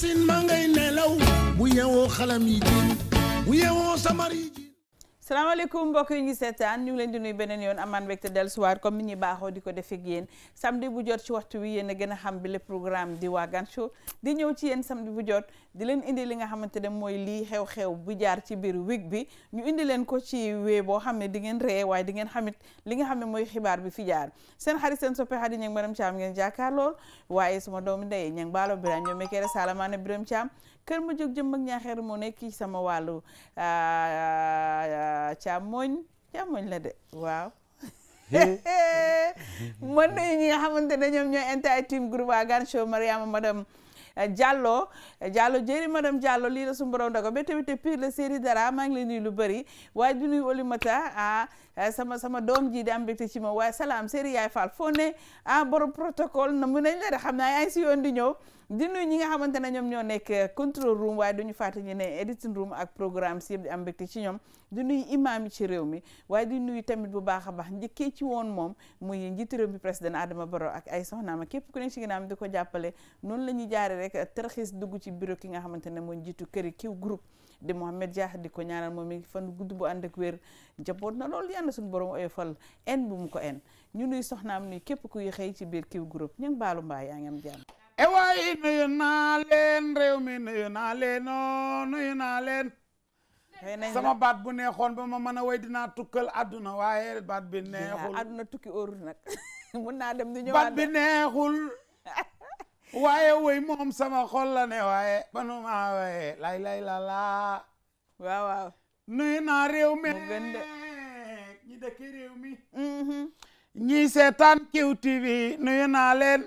sin maa ngay nelaw bu yewoo xalam yi jiin bu yewoo samar yi jiin salaamaaleykum mbokk yi ñu seetaan ñu leen di nuyu beneen yoon amaan mbégte dellusiwaat comme ni ñuy baaxoo di ko defee ak yéen samedi bu jot ci waxtu wi yéen a gën a xam bi le programme di Wagan Show di ñëw ci yeen samedi bu jot di leen indi li nga xamante ne mooy lii xew-xew bu jaar ci biir week bi ñu indi leen ko ci wee boo xam ne di ngeen ree waaye di ngeen xamit li nga xam ne mooy xibaar bi fi jaar seen xarit seen soppe xarit ña ngi madam Thiam ngeen jàkkaar lool waaye suma doomu ndey ña ngi baalo biran ñoo mekkee salaamaane biram Thiam kër ma jóg jëm ak ñaaxeer kii nekk ci sama wàllu ah, ah, càmmoñ càmmoñ la de waaw mën nañu ñi nga xamante ne ñoom ñooy entire team groupe Wagan Show Mariama madame eh, Diallo eh, Diallo jëri madame Diallo lii la suñu borom dago ba tamit te la série dara maa ngi leen nuyu lu bari waaye du Olimata ah eh, sama sama doom jii di am mbégte ci moom waaye salaam série yaay Fall foo ne ah borom protocole na mu la de xam naa yaa si yoon di ñëw di nuyu ñi nga xamante ne ñoom ñoo nekk eh, control room waaye duñu fàtte ñu ne editing room ak programme si yëpp di am mbégte ci ñoom di nuyu réew mi waaye di nuyu tamit bu baax a baax njëkkee ci woon moom muy njiitu réew mi président Adama Barrow ak ay soxnaama képp ku ne ci ginnaam di ko jàppale noonu la ñuy jaare rek eh, tërxis dugg ci bureau ki nga xamante ne mooy njiitu këri kiw group di Mohamed Jah di ko ñaanal moom i fan gudd bu ànd ak wér jaboot na loolu yàlla suñu borom oyofal en bu mu ko en ñu nuy soxnaam nuy képp kuy xëy ci biir kiw groupe ñu ngi baalu mbaa yaa ngi am jàmm e nuyu naa leen réew mi nuyu naa leen o nuyu naa leen sama baat bu neexoon ba ma mën a way dinaa tukkal àdduna waaye baat bi neexul àdduna tukki óorul nag waaye way moom sama xol la ne waaye banuma waaye lay lay la laa nuyu naa réew mi ñi dëkk réew mm-hmm. nuyu naa leen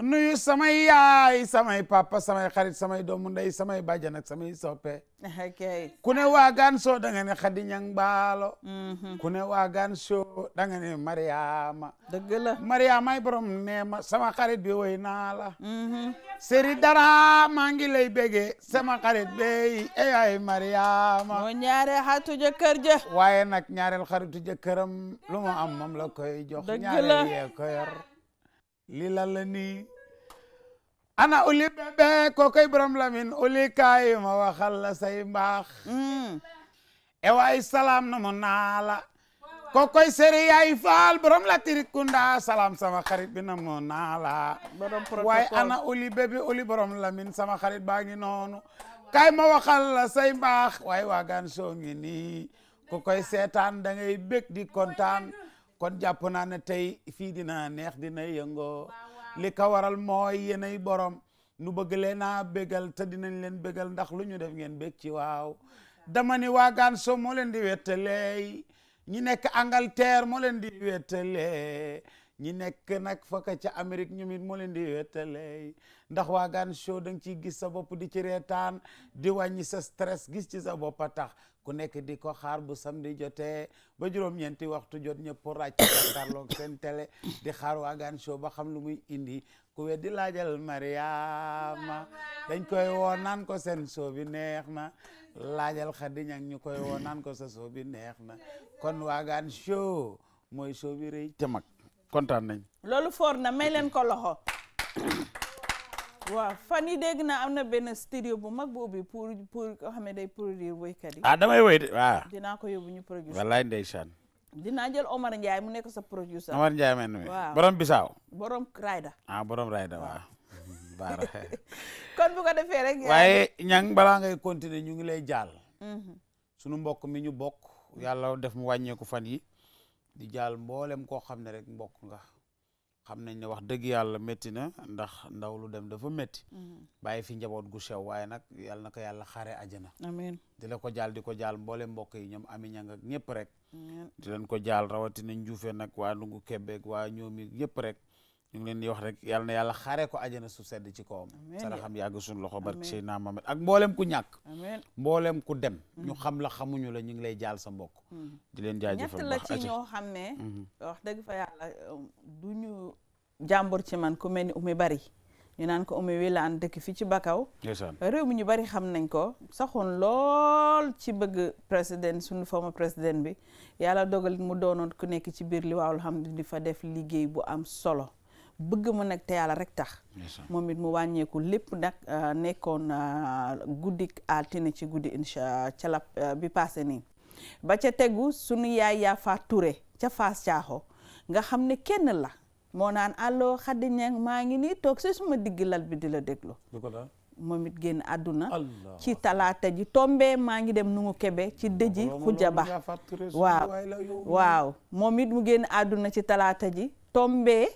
nuyu samay yaay samay papa samay xarit samay doomu ndey samay bàjjan ak samay soppe ok ku ne waagaan soo da nga ne Khady Niang Baalo mhm. ku ne waagaan soo da nga ne Mariama dëgg la Mariama ay borom neema sama xarit bi woy naa la mhm. seri dara maa ngi lay bége sama xarit bey eh, ay Mariama moo ñaare xatu jëkkër ja waaye nag ñaareel xaritu jëkkëram lu mu am moom la koy jox ñaareel yee ko yor li lalla ni ana uli bebe ko koy borom lamin uli kaay ma waxal la say mbaax mm. e waay salaam na mu naala ko koy faal borom la tirikunda salaam sama xarit bi na mu naala waaye ana uli bebe uli borom lamin sama xarit baa ngi noonu kaay ma waxal la say mbaax waaye waagaan soo ngi nii seetaan dangay ngay bég di kontaan kon jàpp naa ne tey fii dina neex dina yëngoo li ka waral mooy yéenay borom nu bëgg leena a bégal te dinañ leen bégal ndax lu ñu def ngeen bég ci waaw dama ni waagaan so moo leen di wettalee ñi nekk Angleterre moo leen di wettalee ñi nekk nag faka ca Amérique ñu mit moo leen di wétale ndax waagaan show da nga ciy gis sa bopp di ci reetaan di wàññi sa stress gis ci sa bopp a tax ku nekk di ko xaar bu samedi jotee ba juróom-ñeenti waxtu jot ñëpp ràcc jàkkaarloog seen télé di xaar waagaan show ba xam lu muy indi ku weddi laajal Mariama dañ koy woo naan ko seen show bi neex na laajal Xadi ñu koy woo naan ko sa show bi neex na kon waagaan show mooy show bi rëy kontaan nañ loolu foor na may leen ko loxo waaw fan yi dégg na am na benn studio bu mag bu ubbi pour pour koo xam ne day produire woykat yi ah damay woy de waaw dinaa ko yóbbu ñu produire wallaay ndeysaan dinaa jël Omar Ndiaye mu nekk sa producer Omar Ndiaye man mi waaw borom bisaaw borom rayda ah borom rayda waaw baara kon bu ko defee rek waaye ñang balaa ngay continuer ñu ngi lay jaal mhm. sunu mbokk mi ñu bokk yàlla def mu wàññeeku fan yi di jaal mboolem koo xam ne rek mbokk nga xam nañ ne wax dëgg yàlla métti na ndax ndaw lu dem dafa métti mm-hmm. bàyyi fi njaboot gu sew waaye nag yàlla na ko yàlla xare àjjana amiin di la ko jaal di ko jaal mboolem mbokk yi ñoom ami ñang ak ñëpp rek di lan ko jaal rawatina njuufe nag waa nungu kebbeeg waa ñoomi ñëpp rek ñu ngi di wax rek yal na yàlla xaaree ko àjjana su sedd ci kawam saraxam yàgg suñu loxo barke Seydina Mohamed ak mboolem ku ñàkk mboolem ku dem mm-hmm. ñu xam la xamuñu la ñu ngi lay jaal sa mbokk mm-hmm. di leen jaajëfal ñett la ci ñoo xam ne mm-hmm. wax dëgg fa yàlla um, du ñu jàmbur ci man ku mel ni umi bari ñu naan ko umi wilaan dëkk fii ci Bakaw réew mi ñu bari xam nañ ko saxoon lool ci bëgg président sunu former président bi yàlla dogal mu doonoon ku nekk ci biir li waaw alhamdulilah fa def liggéey bu am solo bëgg ma nag te yàlla rekk tax moom it mu wàññeeku lépp nag euh, nekkoon euh, guddik altine ci guddi incha ca la euh, bi passé nii ba ca tegu sunu yaay yaa faa Touré ca Fass Caaxo nga xam ne kenn la moo naan allo Xadi Ñang maa ngi nii toog si suma digg lal bi di la déglu moom it génn àdduna ci talaata ji tombee maa ngi dem numu kebe ci dëji xujja waaw moom it mu génn àdduna ci talaata ji tombee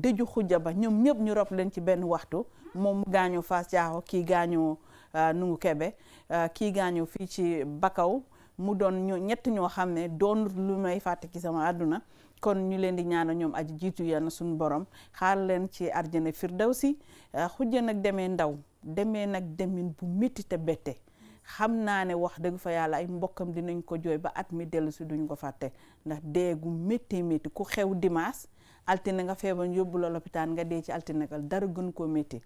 dëju xuja ba ñoom ñëpp ñu rob leen ci benn waxtu moom mu gaañoo Fass Jaaxo kii gaañoo euh, Nungu Kebe euh, kii gaañoo fii ci Bakaw mu doon ñoo ñett ñoo xam ne doon lu may fàtte ki sama àdduna kon ñu leen di ñaana ñoom aji jiitu yal na suñu borom xaar leen ci arjana firdawsi euh, xujja nag demee ndaw demee nag demin bu métti te bette xam naa ne wax dëgg fa yàlla ay mbokkam dinañ ko jooy ba at mi dellu si duñ ko fàtte ndax deegu métti métti ku xew dimaas altine nga feebar ñu yóbbu la loppitaan nga dee ci altine gal dara gën koo métti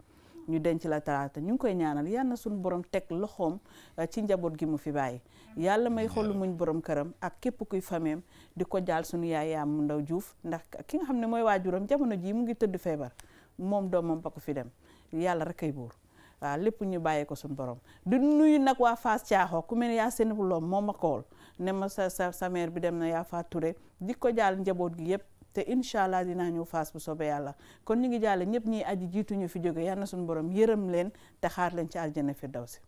ñu denc la talaata ñu ngi koy ñaanal yal na suñu borom teg loxoom euh, ci njaboot gi mu fi bàyyi yàlla may xolu muñ borom këram ak képp kuy fameem di ko jaal suñu yaay yaa mu ndaw juuf ndax ki xam ne mooy waajuram jamono jii mu ngi tëdd feebar moom doomam ba ko fi dem yàlla rek ay buur waaw lépp ñu bàyyee ko suñu borom di nuyu nag waa Fass Caaxo ku mel ne yaa seen loom moo ma kool ne ma sa sa sa mère bi dem na yaa faa Touré di ko jaal njaboot gi yëpp te incha allah dinaa ñëw faas bu sobee yàlla kon ñu ngi jàll ñëpp ñiy aji ñu fi jóge yal na suñu borom yërëm leen te xaar leen ci daw si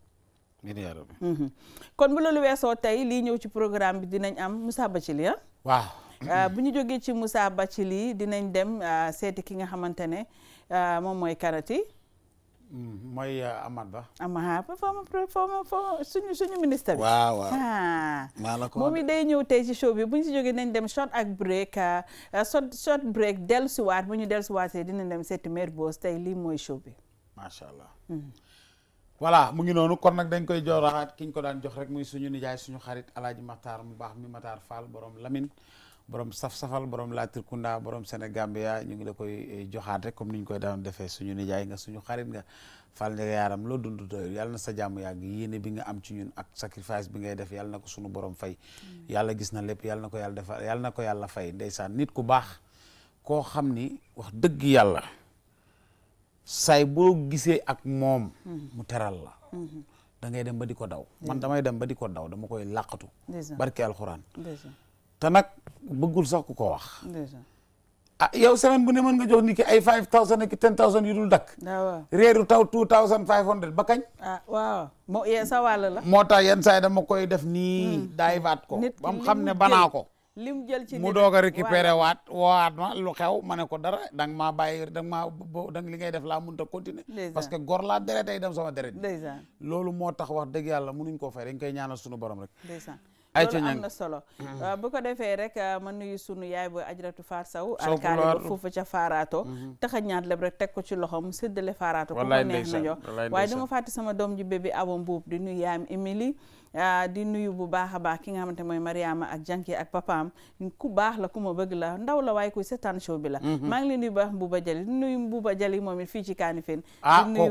mhm. kon bu loolu weesoo tey lii ñëw ci programme bi dinañ am Moussa Bathily ah waaw ah, bu ñu jógee ci Moussa Bathily dinañ dem ah, seeti ki nga xamante ne ah, moom mooy karati mooy euh, Amath Ba. Amath Ba ah, foo ma foo suñu suñu ministre bi. waaw waaw maa la ko moom day ñëw tey ci show bi bu ñu si jógee nañ dem short ak break ah, short short break dellusiwaat bu ñu dellusiwaatee dina dem seeti maire boos tey lii mooy show bi. macha allah. Hmm. voilà mu ngi noonu kon nag dañ koy jooraat ki ñu ko daan jox rek muy suñu nijaay suñu xarit alaaji maxtaar mu baax mi Matar Fall boroom lamin borom saf-safal borom boroom borom Sénégambia ñu ngi la koy eh, joxaat rek comme ni ñu koy daan defee suñu nijaay nga suñu xarit nga fal nga yaaram loo dund doyul yàlla na sa jàmm yàgg yéene bi nga am ci ñun ak sacrifice bi ngay def yàlla na ko suñu borom fay yàlla gis na lépp yàlla na ko yàlla defal yàlla ko yàlla fay ndeysaan nit ku baax koo xam ni wax dëgg yàlla saay boo gisee ak moom mm-hmm. mu teral la mm-hmm. dangay dem ba di ko daw man mm-hmm. damay dem ba di ko daw dama koy làqatu barke alxuraan te nag bëggul sax ko ko wax. ah yow semaine bu ne mën nga jox ni ki ay 5000 ak 10000 yu dul dakk. Ah, waaw réeru taw 2500 ba kañ. ah waaw moo yee sa wàll la. moo tax yenn saa yi dama koy def nii. Hmm. daay baat ko ba mu xam ne banaa ko. lim jël ci mu doog a récupéré waat woowaat ma lu xew ma ne ko dara danga maa bàyyi danga maa bo danga li ngay def laa mun a continuer. parce que gor laa deret ay dem sama deret. loolu moo tax wax dëgg yàlla mënuñ koo fay dañ koy ñaanal sunu borom rek. loolu am na solo mm-hmm. ah, bu ko defee rek ah, ma nuyu sunu yaay booy ajratu faar saw alkaari ba foofu ca faaraato mm-hmm. taxa ñaat leb rek teg ko ci loxom séddale faaraato ku ko neex na jox di nuyu yaayam ah, a baax ki nga xamante mooy Mariama ak Janki ak papaam ku baax la ku ma bëgg la ndaw la waaye kuy seetaan bi la mm-hmm. maa Jali di nuyu Mbuuba Jali moom fii ci Kanifing ah la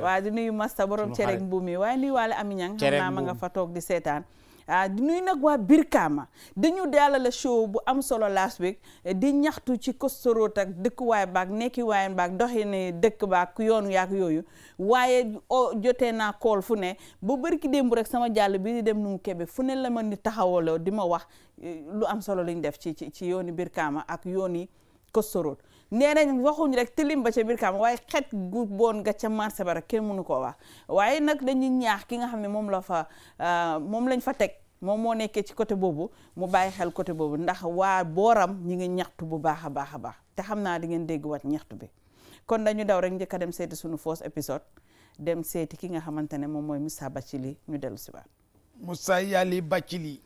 waaw di nuyu Masta borom cerek mbuum yi waaye nuyu waale Ami Ñang xam naa ma nga fa toog di seetaan ah di nuyu nag waa Birkama dañu daalale show bu am solo last week di ñaxtu ci kostoroot ak dëkkuwaay baak nekki waay baak doxi ne dëkk baak yoon yaak yooyu waaye jotee naa kool fu ne ba bërki démb rek sama jàll bi di dem nu mu kebe fu ne la ma ni taxawaloo di ma wax eh, lu am solo lañ def ci ci ci yooni Birkama ak yooni kostoroot nee nañ waxuñ rek tilim ba ca biir kaam waaye xet gu boon ga ca marché ba rek kenn mënu koo wax waaye nag dañuy ñaax ki nga xam ne moom la fa euh, moom lañ fa teg moom moo nekkee ci côté boobu mu bàyyi xel côté boobu ndax waa booram ñi ngi ñaxtu bu baax a baax a baax te xam naa di ngeen dégg wat ñaxtu bi kon dañu daw rek njëkk a dem seeti suñu fausse épisode dem seeti ki nga xamante ne moom mooy bacci Bathily ñu dellu si waat Moussa Yali Bathily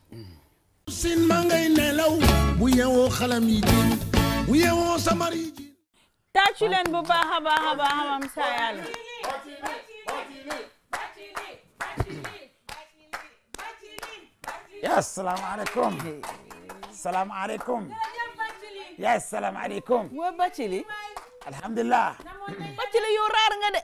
sin ma ngay nelaw bu yeewoo xalam yi wuyewoo samari ji tàccu leen bu baax a baax a baax a baax saa yàlla yes salaamaaleykum salaamaaleykum yes salaamaaleykum wo bacili alhamdulillah bacili raar nga de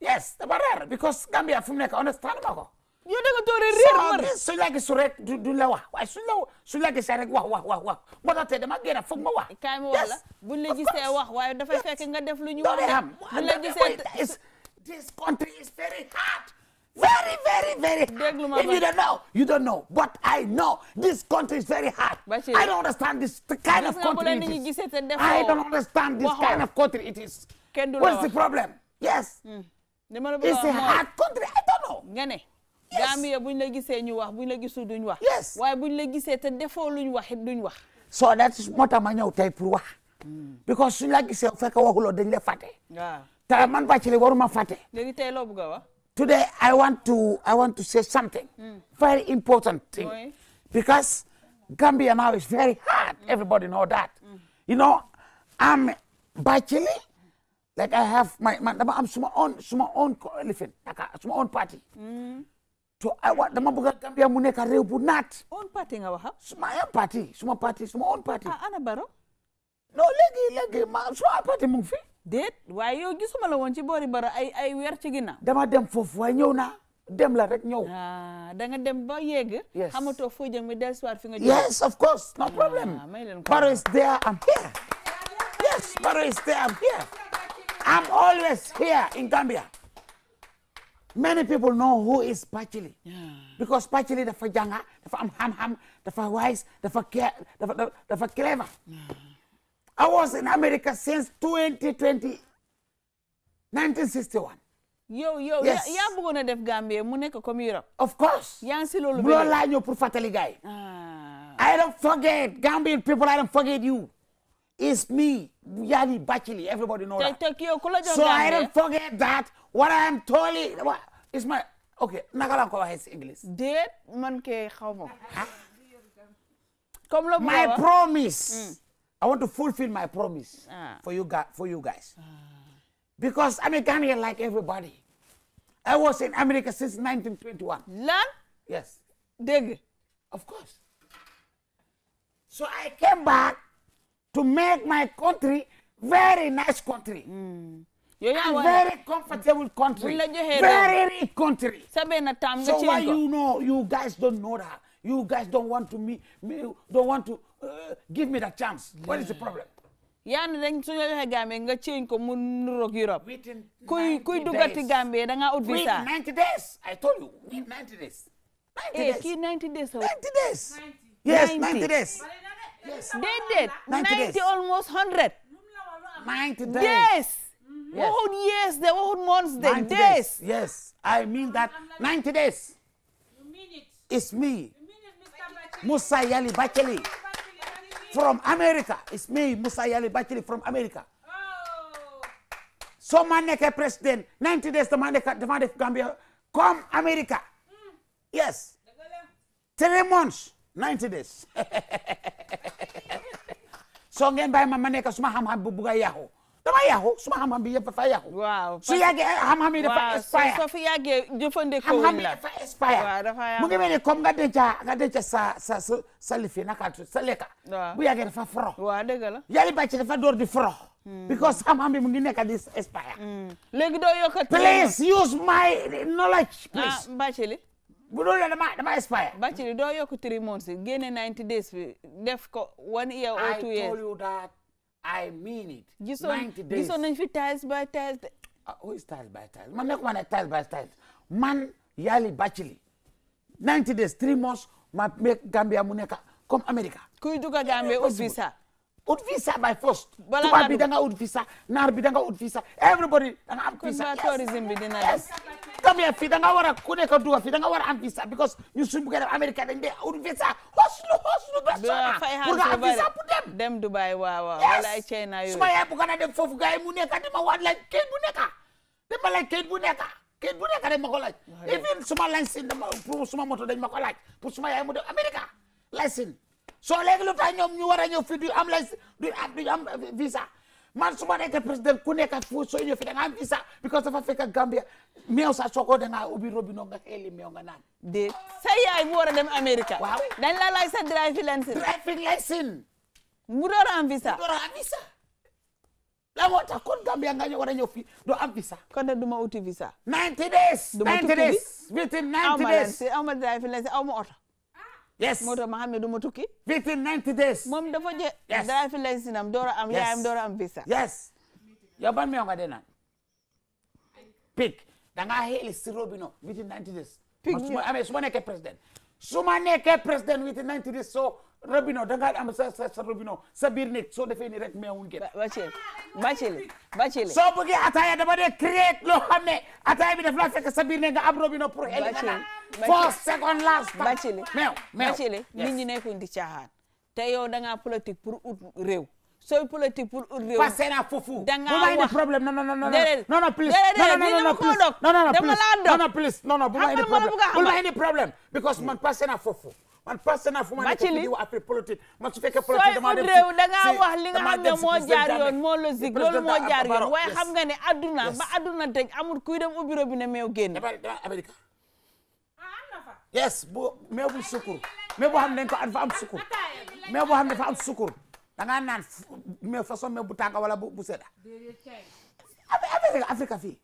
yes dama raar because Gambia fu mu nekk understand ma yow da nga toog rek réer ma rek suñ la gisul rek du la wax waaye suñ la suñ la gisee rek wax wax wax wax moo tax tey dama gën a foog ma wax. kaay ma wala buñ la gisee wax waaye dafay fekk nga def lu ñu wax. buñ la gisee this country is very hard. very very very hard. if you don't know you don't know but I know this country is very hard. I don't understand this kind of country it is. I don't understand this kind of country it is. what's the problem? yes. Mm. it's a hard country I don't know. Gambia buñ la gisee ñu wax buñ la gisul duñ wax. yes waaye buñ la gisee te defoo luñ wax it duñ wax. so that moo tax ma ñëw tey pour wax. Hmm. because suñ la gisee fekk waxuloo dañ la fàtte. waaw ta man bàccali waruma fàtte. léegi tey loo bëgg a wax. today I want to I want to say something. Hmm. very important thing. because Gambia now is very hard. Hmm. everybody know that. you know I'm bàccali. like I have my man dama am suma own suma own elephant suma own party. to aywa dama bëgg a Gambia mu nekk réew bu naat. own party nga waxa. suma own party suma party suma own party. ah ana baro. non léegi léegi ma party mu ngi fi. déet waaye yow gisuma la woon ci boori baro ay ay weer ci ginnaaw. dama dem foofu waaye ñëw naa. dem la rek ñëw. ah da dem ba yegg. yes xamatoo foo jëm mi dellusiwaat fi nga. yes of course no ah, problem. baro is there am here. yes baro is there am here. I'm always here in Gambia. many people know who is Pachili. Yeah. because Pachili dafa jànga dafa am xam-xam dafa wise dafa care dafa dafa clever. Yeah. I was in America since 2020 yow yow yes. yaa def Gambie mu nekk comme Europe. of course. yaa si loolu. laa ñëw pour fàttali gars yi. Ah. I don't forget Gambian people I don't forget you. is me Yadi Bachili everybody know that so I don't eh? forget that what I am totally is my English déet man kay xaw ma my promise mm. I want to fulfill my promise ah. for you guys for you guys because I'm like everybody I was in America since 1921 lan yes dégg of course so I came back to make my country very nice country. Mm. yooyu very comfortable country. very rich country. so why you know you guys don't know that you guys don't want to me, me don't want to uh, give me that chance. What is the problem? yaa ne dañ suñu joxe Gambie nga change ko mu nuroog Europe. kuy kuy dugati Gambie ut visa. within 90 days eh, days. 90 days days. 90 days. yes 90 days. yes déedéet. ninety days ninety almost hundred. ninety days days. waxut years days. I mean that ninety days. it's me. Musa Yali Bakili from America. It's me, Musa Yali Bakili from America. Oh. soo ma nekkee président 90 days dama nekk dama def Gambia comme America. Hmm. yes. three months. 90 days soo ngeen bàyyi ma ma nekk suma xam-xam bu bugg a yàqu dama yàqu suma xam-xam bi yëpp dafa yàqu. waaw su yàggee xam-xam yi dafa expire. waaw soo fi yàggee jëfandikoo la xam-xam yi dafa expire. waaw dafa yàqu mu ngi mel ni comme nga denc nga denc sa sa sa sa lifi naka sa lekka. waaw bu yàggee dafa foro. waaw dëgg la yàlla bàcc dafa door di foro. Hmm. because xam-xam bi mu ngi nekk di expire. Hmm. léegi doo yokkati. please use my knowledge please. ah Bacili. bu loolu la dama dama expire. Bacili doo yokk three months génne 90 days bi def ko one year or two years. I nañ fi tiles by tiles. ah who is tiles by man nekkuma ne tiles by tiles man Yali Bacili 90 days three months ma make Gambia mu nekk comme America. kuy dugg Gambia ut visa. ut visa by force. balaa tubaab bi visa naar bi da nga ut visa everybody da nga am visa. yes tourism bi dina des. comme da nga war a ku nekk duga fii da nga war a am visa because ñu suñu bëgg a dem Amérique dañ de ut visa hoslu hoslu ba sona pour nga am visa dem. Dubai waaw waaw wala ay China yooyu. suma yaay bëgg na dem foofu gars yi nekk dama war laaj kayit bu nekk dama laaj kayit bu nekk kayit bu nekk dañ ma ko laaj. even suma licence dama pour suma moto dañ ma ko laaj pour suma yaay mu dem Amérique licence. soo léegi lu tax ñoom ñu war a ñëw fii du am visa man su ma nekkee président ku nekk fu soo ñëw fi da nga am visa because a fekk Gambia meew sax soo ko da nga ubbi nga xeeli meew nga naan. déet sa yaay bu war a dem Amérique. waaw dañ la laaj moo tax kon Gambia nga ñëw war a ñëw fii doo am visa. kon nag du ma uti visa. 90 days. du ma tukki bi 90 days. aw ma oto. yes moo tax ma xam du ma tukki. within 90 moom dafa jë. yes driving license am door a am. yes yaayam a am visa. yes yow ban meew nga de naan. pig da ngaa xeeli sirop bi no within 90 days. pig su amee su ma nekkee président. su ma nekkee président within 90 days soo robino danga ngaa am sa sa robino sa biir nekk soo defee nii rek meewul gën. bacile bacile bacile. soo bëggee ataaya dama de créer loo xam ne ataaya bi daf laa fekk sa biir nekk nga am robino pour. bacile four second last Bathily meew meew Bathily nit ñi nekkuñ di caaxaan te yow da ngaa politique pour ut réew sooy politique pour ut réew passé na foofu da ngaa wax bu ma indi problème non non non non ne moo jaar yoon moo logique loolu moo jaar yoon waaye xam nga ne adduna ba adduna tëj amul kuy dem ubbi robinet meew génn yes bu meew bu sukkur meew boo xam ne dañ ko dafa am sukkur meew boo xam ne dafa am sukkur da naan meew façon meew bu tànga wala bu bu sedda Afrique fii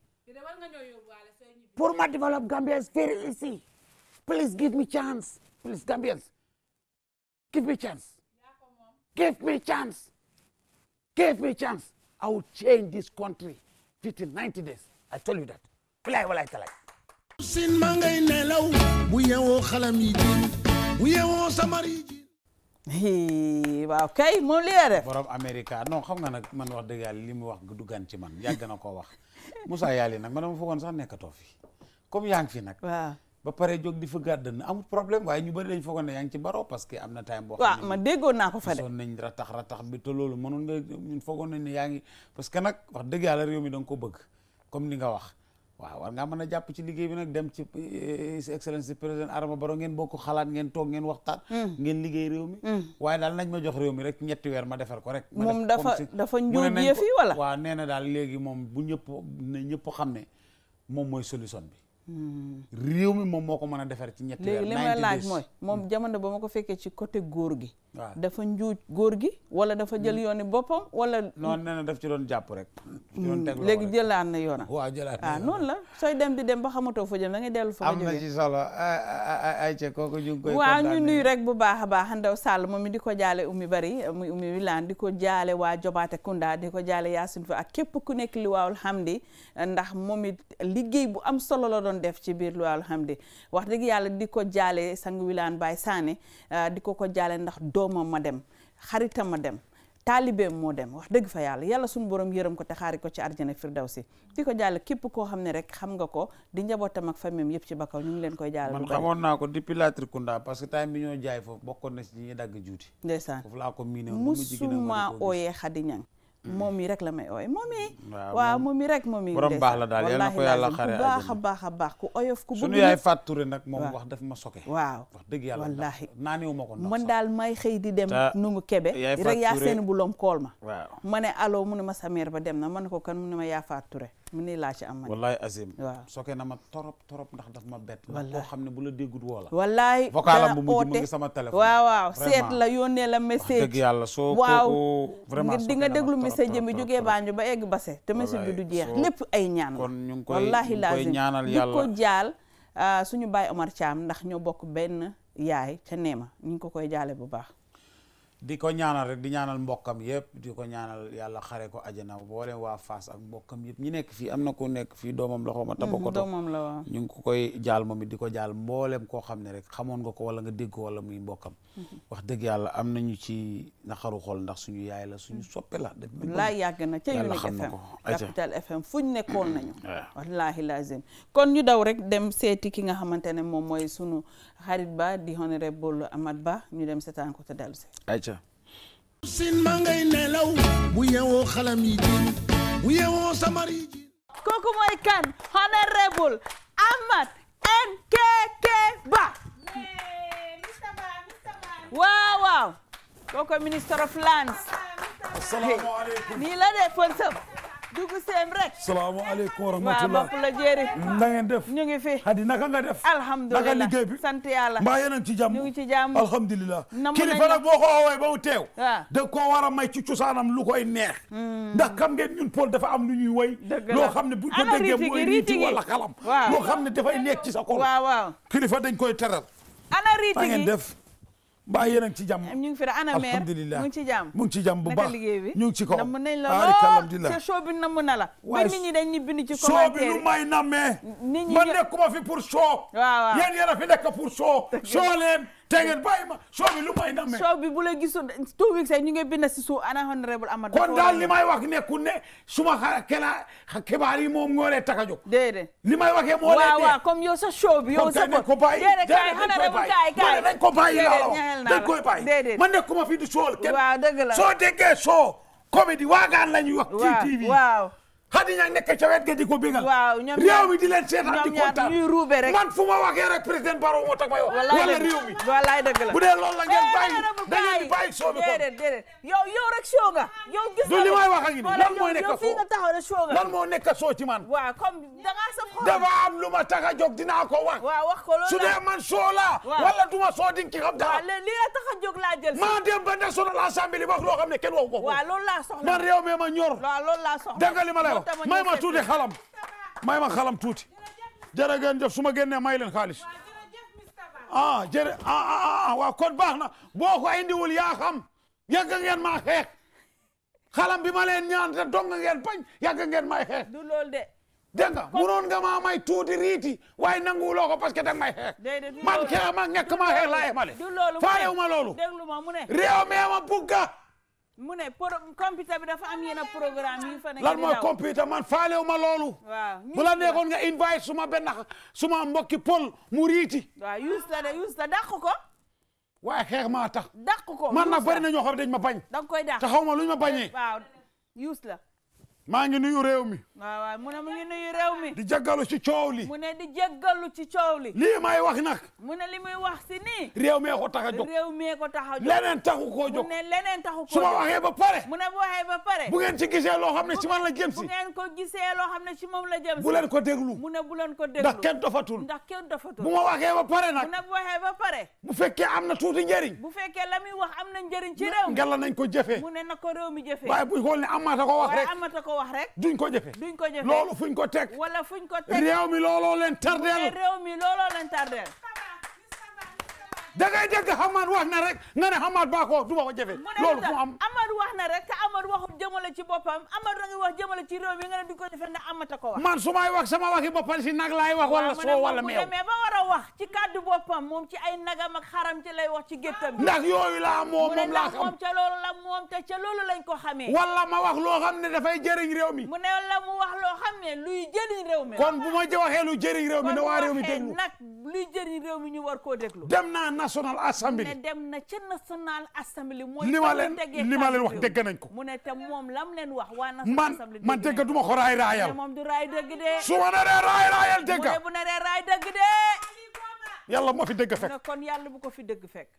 pour ma develop Gambians very easy please give me chance please Gambians give me chance give me chance give me chance I will change this country within 90 days I told you that bilaay walaay talaay sin ma ngay nelaw bu yewoo xalam yi jiin bu yewoo samar yi jiin waaw kay moom li nga def borom américa non xam nga nag man wax dëgg yàlla li mu wax du gan ci man yàgg na koo wax Moussa Yali nag man dama foogoon sax nekkatoo fi comme yaa ngi fi nag waaw ba pare jóg di fa gàddan amul problème waaye ñu bëri dañ foogoon ne yaa ngi ci baro parce que am na time boo xam ma déggoon naa ko fa de nañ ratax ratax bi te loolu mënoon nga ñun foogoon nañ ne yaa ngi parce que nag wax dëgg yàlla réew mi da nga bëgg comme ni nga wax waaw war ngaa mën a jàpp ci liggéey bi nag dem ci eh, His Excellency président Adama Barrow ngeen bokk xalaat ngeen toog ngeen waxtaan. Mm. ngeen liggéey réew mi. Mm. waaye daal nañ ma jox réew mi rek ñetti weer ma defar ko rek. ma moom dafa dafa njuub yëf yi wala. nee na daal léegi moom bu ñëpp na ñëpp xam ne moom mooy solution bi. réew mi moom moo ko mën a defar ci ñetti weer léegi li ma mooy moom hmm. jamono ba ma ko fekkee ci côté góor gi waaw dafa njuuj góor gi wala dafa jël hmm. yooni boppam wala noon nee na daf ci doon jàpp rek hmm. léegi jël jëlaat na yoonam waaw jëlaat na waaw ah, noonu la sooy dem di dem ba xamatoo fa jëm da ngay dellu fa am na ci solo ay ca kooku ñu ngi koy waaw rek bu baax a baax Ndaw Sall moom mi di ko jaale Oumy Bari muy Oumy Wilane di ko jaale waa Jobaate Kunda di ko jaale Yacine Fa ak képp ku nekk li waawul xam di ndax moom it liggéey bu am solo doon def ci biir lu alhamdi wax dëgg yàlla di ko jaale sang wilaan baay saane euh, di ko ko jaale ndax doomam ma dem xaritam ma dem taalibeem moo dem wax dëgg fa yàlla yàlla suñu borom yërëm ko te xaari ko ci arjana firdawsi di ko jàll képp koo xam ne rek xam nga ko di njabootam ak famille am yëpp ci bakaw ñu leen koy jàll man xamoon naa ko depuis la Trikunda parce que time bi ñoo jaay foofu laa ko miinewoon musuma ooyee xadi ñang Mm. moom yi rek la may ooy moom yi waaw moom yi rek moom yi borom baax la daal yal na ko yàlla xare a baax a baax ku oyof ku bëgg suñu yaay Fatou nag moom wax daf ma soke waaw wax dëgg yàlla wallaahi naanewu ma ko ndox man daal may xëy di dem nungu kebe rek yaa seen bu lom kool ma ma ne allo mu ne ma sa mère ba dem na ma ne ko kan mu ne ma yaa Fatou Touré mu nii laa ci am man wallaay Azim waaw sooke na ma torop torop ndax daf ma bett ndax koo xam ne bu la déggul woo la wallaay vocalam bu mu ngi sama téléphone waaw waaw seet la yónnee la message dëgg yàlla soo waaw vraiment di nga déglu message mi jógee banjo ba egg base te message bi du jeex lépp ay ñaan kon ñu la koy wallaahi lazim ñaanal yàlla ah, suñu baay Omar Thiam ndax ñoo bokk benn yaay ca neema ñu ngi koy jaale bu baax di ko ñaanal rek di ñaanal mbokkam yëpp di ko ñaanal yàlla xare ko ajana boole waa Fass ak mbokkam yëpp ñi nekk fii am na ku nekk fii doomam la xaw ma tabakoto doomam la waaw ñu ko koy jaal moom it di ko jaal mboolem koo xam ne rek xamoon nga ko wala nga dégg ko wala muy mbokkam wax dëgg yàlla am nañu ci naqaru xol ndax suñu yaay la suñu soppe la wallaahi yàgg na ca Unique FM Capital FM fuñ nekkoon nañu wallaahi lazim kon ñu daw rek dem seeti ki nga xamante ne moom mooy sunu xarit ba di honorable Amat Ba ñu dem seetaan ko te dellu si sin ma xalam yi jiin bu yewoo samar yi jiin kooku mooy kan honorable Amat NKK Ba waaw waaw kooku minister of lands nii la dee pënsëb dugg seen rek. salaamaaleykum wa rahmatulah waaw la jéeri. na ngeen def ñu ngi fi. hadi naka nga def. alhamdulilah naka liggéey bi sant yàlla. mbaa yéen a ci jàmm ñu ngi ci jàmm. alhamdulilah. kilifa nag boo ko woowee ba mu teew. waaw da koo war a may ci cosaanam lu koy neex. Hmm. ndax kam ngeen ñun Paul dafa am lu ñuy woy. la loo xam ne bu ñu ko déggee mooy xam ne dafay nekk ci sa kol. waaw waaw kilifa dañ koy teral. ana riiti gi def. mbaa yéen a ci jàmm ñu ngi fi ana mère alhamdulilah ngi ci jàmm mu ngi ci jàmm bu baax liggéey bi ñu ngi ci kaw namm nañ la alhamdulilah te show bi namm na la ba nit ñi dañ ñu bind ci show bi lu may nammee man nekkuma fi pour show waaw waaw yéen yéen fi nekk pour show show leen te ngeen ma show lu may ndàmmee. show bu la gisoon two weeks ñu ngi bind si suuf ana honorable Amadou. kon daal li may wax nekkul ne suma kela xibaar yi moom moo leen tax a jóg. déedéet li may waxee moo leen dee. waaw waaw comme yow sa show sa bopp. déedéet kay honorable kay kay dañ ko bàyyi dañ koy bàyyi. déedéet man nekkuma fi du show. waaw dëgg la soo déggee show comédie waagaan la ñuy wax. ci TV waaw. Hadi Niang nekk ca man fu ma waxee rek président Barrow moo tax ma wax. wala réew mi walaay dëgg la bu dee loolu la ngeen bàyyi da ngeen di bàyyi soo bi ko. déedéet déedéet yow yow rek soo nga. yow gis nga li may wax ak lan moo nekk soo fii nga taxaw rek soo nga. lan moo nekk soo ci man. waaw comme da ngaa sa xool. dafa am lu ma a dinaa ko wax. waaw wax ko loolu la su man soo la. wala du ma soo di nga ci xam dara. waaw a laa jël. maa dem ba national man réew laa soxla dégg nga li ma lay wax may ma tuuti xalam may ma xalam tuuti jërë ngeen jëf su ma génnee may leen xaalis ah jërë ah ah, ah, ah baax na boo ko indiwul yaa xam yàgg ngeen maa xeex xalam bi ma leen ñaan te dong ngeen bañ yàgg ngeen ma xeex. du loolu de. nga munoon nga maa may tuuti riiti waaye nanguwuloo ko parce que danga may xeex. man kii ma xeex laa yemale. du loolu ma loolu. déglu ma ma bugga mu ne pro computer bi dafa am yenn programme yi fa nekk lan mooy computer man faale wu ma loolu. waaw bu la nekkoon nga invite suma benn suma mbokki Paul mu riiti. waaw yus la de yus ko. waaye xeex maa tax. dàq ko man na bëri na ñoo xam dañ ma bañ. da nga koy dàq te xaw ma luñ ma bañee. waaw yus maa ngi nuyu réew mi. waaw waaw mu ne réew mi. di jéggalu ci coow li. mu ne di jéggalu ci coow li. lii may wax nag. mu ne li muy wax si ni réew mee ko tax a jóg réew mee ko tax a jóg. leneen taxu ne leneen taxu su ma waxee ba pare. mu ne bu waxee bu ngeen ci gisee loo xam ne si man la jëm si. bu ngeen ko gisee loo xam ne si moom la jëm si. bu leen ko déglu. mu ne bu leen ko déglu ndax kenn dofatul. ndax kenn dofatul. bu ma waxee ba pare nag. mu ne bu waxee ba pare. bu fekkee am na tuuti njariñ bu fekkee la muy wax am na njëriñ ci réew mi. nañ ko jëfee. mu ne na ko réew mi jëfee. waaye bu xool ne amata ko wax rek ko duñ ko jëfe duñ ko jëfe loolu fuñ ko teg. wala fuñ ko teg réew mi looloo leen tardeel. réew mi looloo leen tardeel. dangay dégg Hamad wax na rek nga ne Hamad baa ko wax du ma ko jafe. loolu am Amadou wax na rek te Amadou waxut jëmale ci boppam Amadou da nga wax jëmale ci réew mi nga ne du ko defee ndax Amata ko wax. man su may wax sama waxi boppam si nag laay wax wala soo wala meew. mais ba war a wax ci kàddu boppam moom ci ay nagam ak xaram ci lay wax ci géttam. ndax yooyu laa moom moom laa xam mu ne moom ca loolu la moom te ca loolu lañ ko xamee. wala ma wax loo xam ne dafay jëriñ réew mi. mu ne la mu wax loo xam ne luy jëriñ réew mi. kon bu ma waxee lu jëriñ réew mi ne waa réew mi déglu. kon bu ma waxee nag luy jëriñ réew mi ñu war koo déglu. dem naa national assembly. ne dem na ca national assembly. mooy li ma leen li ma leen wax dégg nañ ko. mu ne te moom lam leen wax waa national assembly. man man du ma ko raay raayal. ne moom du raay dégg de. su ma naree raay raayal dégg. ne bu raay dégg de. yàlla moo fi dégg fekk. kon yàlla bu ko fi dégg fekk.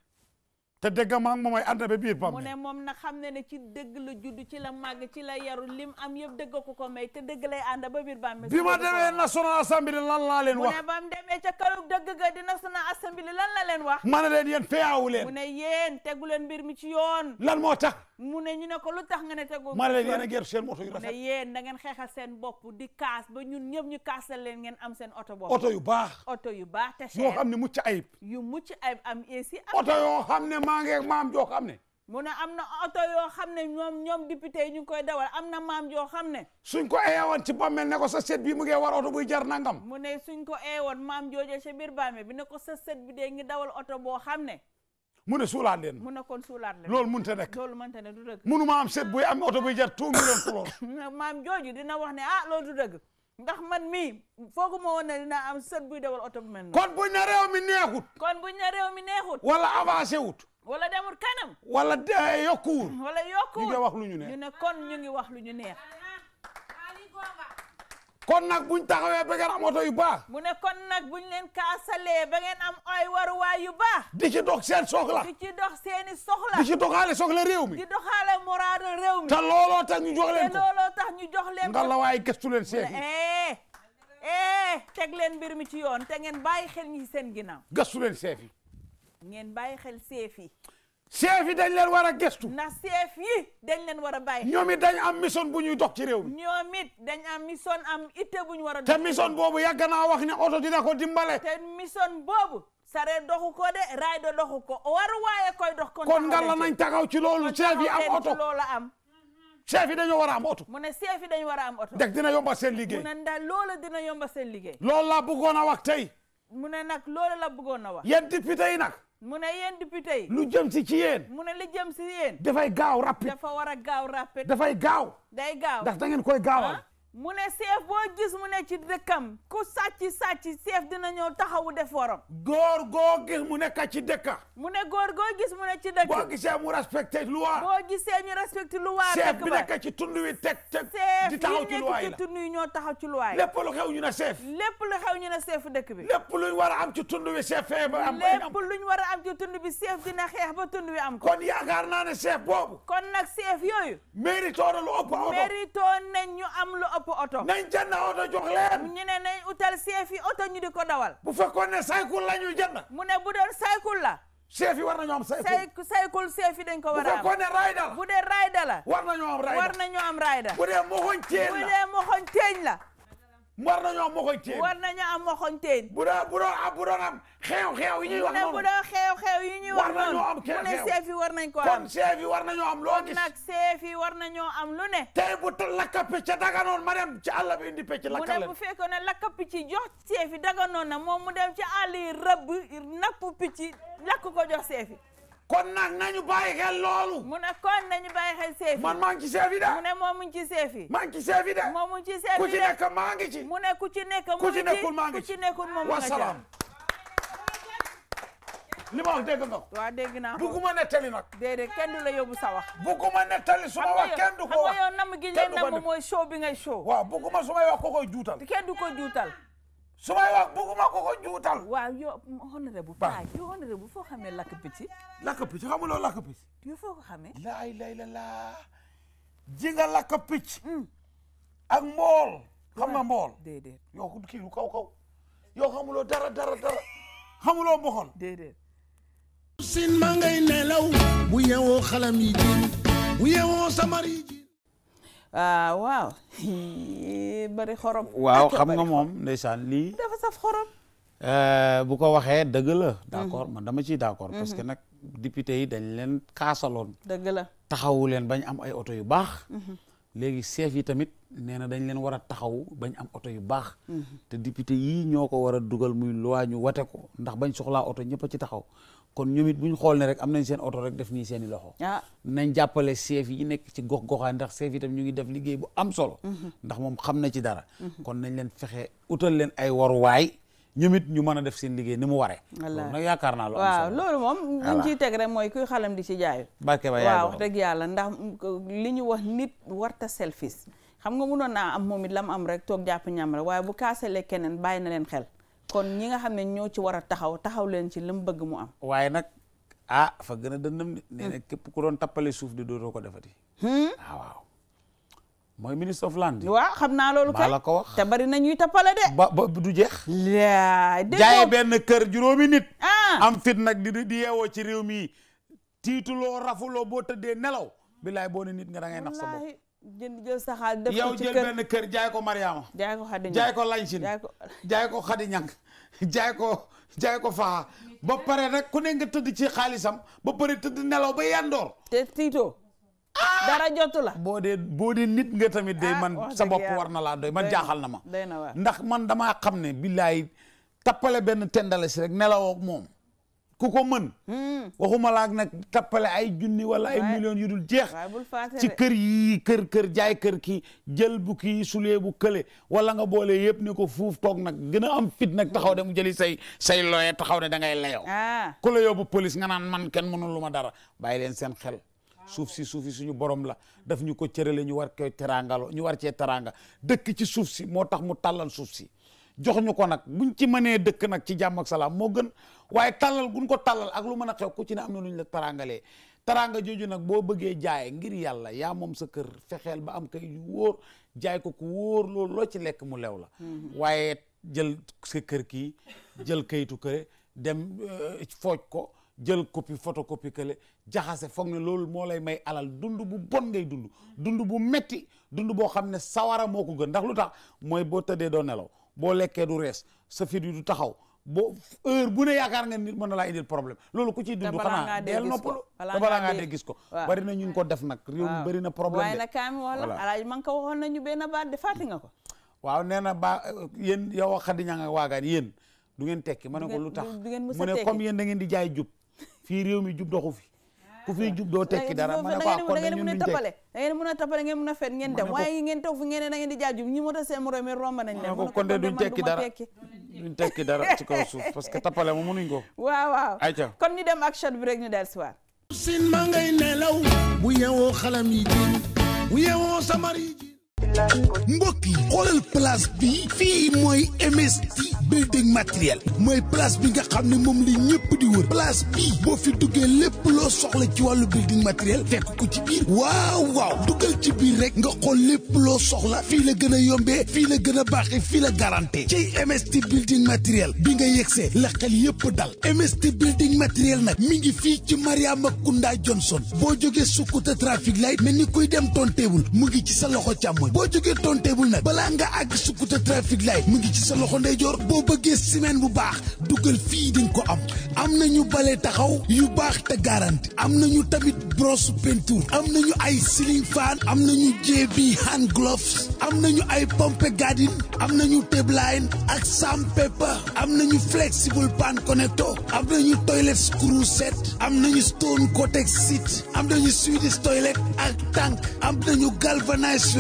te dëgg maa ngi moom ay ànd biir bam mu ne moom na xam ne ne ci dëgg la judd ci la màgg ci la yaru lim am yëpp dëgg ko ko may te dëgg lay ànd ba biir bam bi ma demee National Assembly lan laa leen wax mu ne ba mu demee ca këru dëgg ga di National Assembly lan la leen wax ma ne leen yéen feyaawu leen mu ne yéen tegu leen mbir mi ci yoon lan moo tax mu ne ñu ne ko lu tax nga ne tegoo ma ne leen yéen a ger yéen da ngeen xeexal seen bopp di kaas ba ñun ñëpp ñu kaasal leen ngeen am seen oto bopp oto yu baax oto yu baax te cher yoo xam ne mucc ayib yu mucc ayib am eesi am oto yoo xam ne maa ngi maam joo xam ne mu ne am na oto yoo xam ne ñoom ñoom député yi ñu ngi koy dawal am na maam joo xam ne suñ ko eewoon ci bàmmeel ne ko sa set bi mu ngi war oto buy jar nangam mu ne suñ ko eewoon maam jooje ci biir bàmmeel bi ne ko sa set bi dee ngi dawal oto boo xam ne mu ne suulaat leen mu ne kon suulaat leen loolu mënta nekk loolu mënta ne du dëgg mënu ma am seet buy am oto buy jar two million plus maam jooju dina wax ne a ah, loolu du dëgg ndax man mi foogu ma woon ne dina am seet buy dawal oto bu mel noonu kon buñ ne réew mi neexut kon buñ ne réew wala avancé wut wala demul kanam wala eh, yokkuwul wala yokkuwul ñu wax lu ñu neex ñu wax lu ñu neex kon nag buñ taxawee ba ngeen am oto yu baax. mu ne kon nag buñ leen kaasalee ba ngeen am ay waruwaay yu baax. di ci dox seen soxla. di ci dox seeni soxla. di ci doxaale soxla réew mi. di doxaale moraadu réew mi. te looloo tax ñu jox leen ko te looloo tax jox leen ko. nga la gëstu leen eh, eh, teg leen mbir mi ci yoon te ngeen bàyyi xel ñi seen ginaam gëstu leen seef yi. ngeen bàyyi xel seef yi. chef yi dañ leen war a gëstu. ndax chef yi dañ leen war a bàyyi. ñoom it dañ am mission bu ñuy dox ci réew mi. ñoom it dañ am mission am itte bu ñu war a. te mission boobu yàgg naa wax ne oto dina ko dimbale. te mission boobu. sare doxu ko de raay do doxu ko waru waaye koy dox. kon kon ngalla nañ tagaw ci loolu. chef yi am oto am. chef yi dañoo war a am oto. mu ne chef yi dañu war a am oto. deg dina yomba seen liggéey. mu ne ndax loolu dina yomba seen liggéey. loolu la bëggoon a wax tey. mu ne nag loolu la bëggoon a wax. yéen député yi nag. mu ne yéen député yi. lu jëm si ci yéen. mu ne lu jëm si yéen. dafay gaaw rapide. dafa war a gaaw rapide. dafay gaaw. day gaaw da ngeen koy gaawal. mu ne chef boo gis mu ne ci dëkkam ku sàcc sàcc chef dina ñëw taxawu def waram góor goo gis mu nekk ci dëkka mu ne góor goo gis mu ne ci dëkk boo gisee mu respecté loi boo gisee ñu respecté loi chef bi nekk ci tund wi teg teg di taxaw ci yi ñoo taxaw ci loi yi lépp ñu ne chef lépp lu xew ñu ne chef dëkk bi lépp war a am ci tund wi chef war a am ci tund bi chef dina xeex ba tund wi am ko kon yaakaar naa ne chef boobu kon nag chef yooyu mérito na lu ëpp mérito nañ ñu am lu ëpp ëpp oto. nañ jënd oto jox leen. ñu ne nañ utal chef yi oto ñu di ko dawal. bu fekkoon ne saykul la ñuy mu ne bu doon saykul la. chef yi war nañoo am saykul saykul chef yi dañ ko war a am. bu fekkoon ne rayda la. bu dee rayda la. war nañoo am rayda war nañoo am rayda. bu dee moxoñ teeñ la bu moxoñ teeñ la. war na am moxoñteen war nañoo am moxoñteen bu doon bu doon ah, bu doon am xeew-xew yi ñuy wax noonu bu doon xeew-xew yi ñuy wax noonu war ne chef war nañ ko am kon chef yi am loo gis nag war nañoo am lu ne tey bu lakka picc daganoon ma dem ci àll bi indi picc lakkal mu ne bu fekkoon ne lakka picc jox chef yi daganoon na moom mu dem ci àll yi rëbb napp picc lakk ko jox chef yi kon nag nañu bàyyi xel loolu. mu ne kon nañu bàyyi xel seefi. man maa ngi ci seefi de. mu ne moom mu ngi ci seefi. maa ngi ci seefi de. moom mu ngi ci seefi de ku ci nekk maa ngi ci. mu ne ku ci nekk mu ngi ci ku ci nekkul maa ngi ci ku ci nekkul moom mu ngi ci wasalaam. li ma wax dégg nga ko. waaw dégg naa ko bëgguma nettali nag. déedéet kenn du la yóbbu sa wax. bëgguma nettali suma wax kenn du ko wax. xam nga yow nam gi leen nam mooy show bi ngay show. waaw bëgguma suma wax ko koy juutal. kenn du ko juutal. su may wax bëgguma ko ko juutal. waaw yow honorable paa yow honorable foo lakk picc. lakk picc xamuloo lakk picc. yow foo ko xamee. laay lay la lakk picc. Hmm. ak mbool. xam nga mbool. déedéet yow kii lu kaw kaw. yow xamuloo dara dara dara. xamuloo mboxol. déedéet. sin ma nelaw. bu yeewoo xalam yi ji bu yeewoo samar yi ji Ah, waaw bari xorom. waaw xam nga moom ndeysaan lii. dafa saf xorom. Eh, bu ko waxee dëgg la. Mm. d' accord man dama ciy d' accord. parce que mm-hmm. nag député yi dañ leen kaasaloon. dëgg taxawu leen bañ am ay oto yu baax. Mm-hmm. léegi seef yi tamit nee na dañ leen war a taxaw bañ am oto yu baax. Mm-hmm. te député yii ñoo ko war a dugal muy loi ñu wate ko ndax bañ soxlaa oto ñëpp a ci taxaw. kon ñoom it bu ñu xool ne rek am nañ seen oto rek def nii seeni i loxo. Ah. nañ jàppale chef yi nekk ci gox goxaan ndax chef yi tam ñu ngi def liggéey bu am solo. Mhm. ndax moom xam na ci dara. Mhm. kon nañ leen fexe utal leen ay waruwaay. ñoom it ñu mën a def seen liggéey ni mu waree. wallaahi nag yaakaar naa lu am solo waaw loolu moom. voilà li ñu teg rek mooy kuy xalam di ci jaayu. barke ba yaay dëgg yàlla ndax li ñu wax nit warta selfish. xam nga mënoon naa am moom it lam mu am rek toog jàpp ñam rek waaye bu kaasee kaasalee keneen bàyyi na leen xel kon ñi nga xam ne ñoo ci war a taxaw taxaw leen ci lam bëgg mu am. waaye nag ah fa gën a dëndam. nee na képp ku doon tappale suuf di dootoo ko defati. Hmm? ah waaw. mooy ministre of land. waaw xam naa loolu kay maa la ko wax. te bari na tappale de. ba ba du jeex. yaa jaaye benn kër juróomi nit. Ah. am fit nag di di yeewoo ci réew mi tiituloo rafuloo boo tëddee nelaw. bilaay boo ne nit nga da ngay nax sa bopp. jënd jël saxaar def yow jël benn kër jaay ko Mariama. jaay ko Xadi jaay ko Lañsin jaay jaay ko Xadi Ñang jaay ko jaay ko Faxa ba pare rek ku ne nga tëdd ci xaalisam ba pare tëdd nelaw ba yandoor te tiito dara jotu la boo dee boo dee nit nga tamit day ah, man sa bopp war na laa doy man jaaxal na ma ndax man damaa xam ne billay tappale benn tendale si rek nelawoo moom ku ko mën. Hmm. waxuma la nag tappale ay junni wala ay millions yu dul jeex. ci kër yii kër kër jaay kër ki jël bu kii sulee bu kële wala nga boole yëpp ne ko fuuf toog nag gën a am fit nag taxaw de mu jëli say say looye taxaw ne da ngay layoo. Ah. ku la yóbbu police nga naan man kenn mënul lu ma dara bàyyi leen seen xel. suuf si suuf suñu borom la daf ñu ko cërale ñu war koy teraangalo ñu war cee teraanga dëkk ci suuf si moo tax mu tàllal suuf si jox ñu ko nag buñ ci mënee dëkk nag ci jàmm salaam moo gën waaye tàllal guñ ko tàllal ak lu mën a xew ku ci ne am na lu ñu la tarangalee taranga jooju nag boo bëggee jaay ngir yàlla yaa moom sa kër fexeel ba am kay wóor jaay ko ko wóor loolu loo ci lekk mu lew la mm-hmm. waaye jël si kër kii jël kayitu këre dem euh, fooj ko jël copie photocopie kële jaxase foog ne loolu moo lay may alal dund bu bon ngay dund dund bu metti dund boo xam ne sawara moo ko gën ndax lu tax mooy boo tëddee doo nelaw boo lekkee du rees sa fit yi taxaw boo heure bu ne yaakaar nga nit mën na laa indil problème loolu ku ciy dund xanaa deel dee gis ko bari na ñun ko def nag réew bari na problème waaye nag kaami wala alaaji man ko waxoon nañu benn baat defaati nga ko waaw nee na ba yéen yow xadi ñaa nga waagaan yéen du ngeen tekki ma ne ko lu tax mu ne comme yéen da ngeen di jaay jub fii réew mi jub doxu fi ku fi jub doo tekki dara ne ko da ah, ngeen mën a tapale da ngeen mën a tapale ngeen da ngeen di jaay jub ñi moo tax seen morom yi romb nañ leen kon de duñ tekki dara duñ tekki dara ci kaw suuf parce que tappale mu munuñ ko. waaw waaw ayca kon ñu dem ak shot bi rek ñu del si waat. sin ma ngay nelaw bu yeewoo xalam yi ji bu yeewoo samar mbokk yi xoolal place bi fii mooy MST building matériel mooy place bi nga xam ne moom li ñëpp di wër place bii boo fi duggee lépp loo soxla ci wàllu building matériel fekk ko ci biir waaw waaw duggal ci biir rek nga xool lépp loo soxla fii la gën a yombee fii la gën a baaxee fii la garanté ci MST building matériel bi nga yegsee la xel yëpp dal MST building matériel nag mi ngi fii ci Mariama Kounda Johnson boo jógee Sukuta trafic lay mel ni kuy dem Tontéwul mu ngi ci sa loxo càmmoñ boo jógee toon table nag balaa nga àgg sukuta trafic light mu ngi ci sa loxo ndeyjoor boo bëggee semaine bu baax duggal fii di ko am am na ñu bale taxaw yu baax te garanti am nañu tamit brosse peinture am nañu ay ceiling fan am nañu JB hand gloves am nañu ay pompe gardine am nañu table line ak sandpaper am nañu flexible pan connector am nañu toilet screw set am nañu stone coated seat am nañu Swedish toilet ak tank am nañu galvanized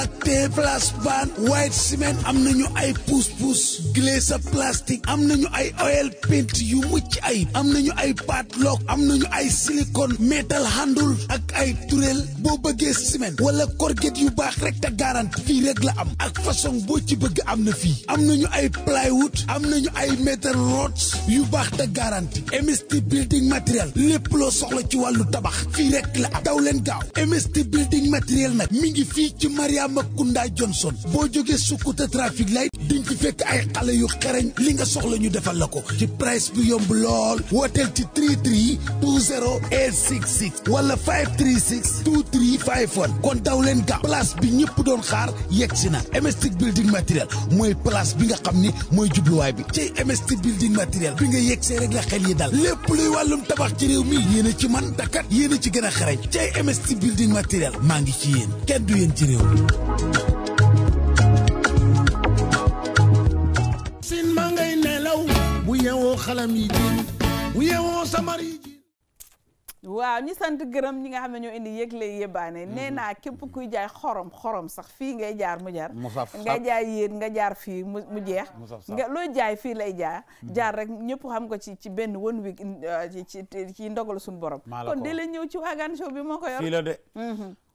latte place ban white cement am nañu ay pousse-pousse glace plastique am nañu ay oil paint yu mucc ay am nañu ay padlock am nañu ay silicone metal handle ak ay turel boo bëggee ciment wala corget yu baax rek te garanti fii rek la am ak façon boo ci bëgg am na fii am nañu ay plywood am nañu ay metal rods yu baax te garanti MST building matériel lépp loo soxla ci wàllu tabax fii rek la am daw leen gaaw MST building matériel nag mi ngi fii ci Mariam Tambacounda Johnson boo jógee Sukuta trafic light diñ ci fekk ay xale yu xereñ li nga soxla ñu defal la ko ci price bu yomb lool wooteel ci 33 20 866 wala 536 2351 kon daw leen gaaw place bi ñëpp doon xaar yegg si na MST building matériel mooy place bi nga xam ni mooy jubluwaay bi ci MST building matériel bi nga yegg see rek la xel yi dal lépp luy wàllum tabax ci réew mi yéen ci man takat yéen a ci gën a xereñ ci MST building matériel maa ngi ci yéen kenn du yéen ci réew sin ma ngay nelaw bu yewoo xalam yi jiin bu yewoo samar yi jiin waaw ñu sant gërëm ñi nga xam ne ñoo indi yëgle yëbaane mhm. nee naa képp kuy jaay xorom xorom sax fii ngay jaar mu jar nga jaay yéen nga jaar fii mu jeex nga looy jaay fii lay jaar mhm. jaar rek ñëpp xam ko ci ci benn one week euh, ci ci ndogal suñu borom kon de la ñëw ci waagaan show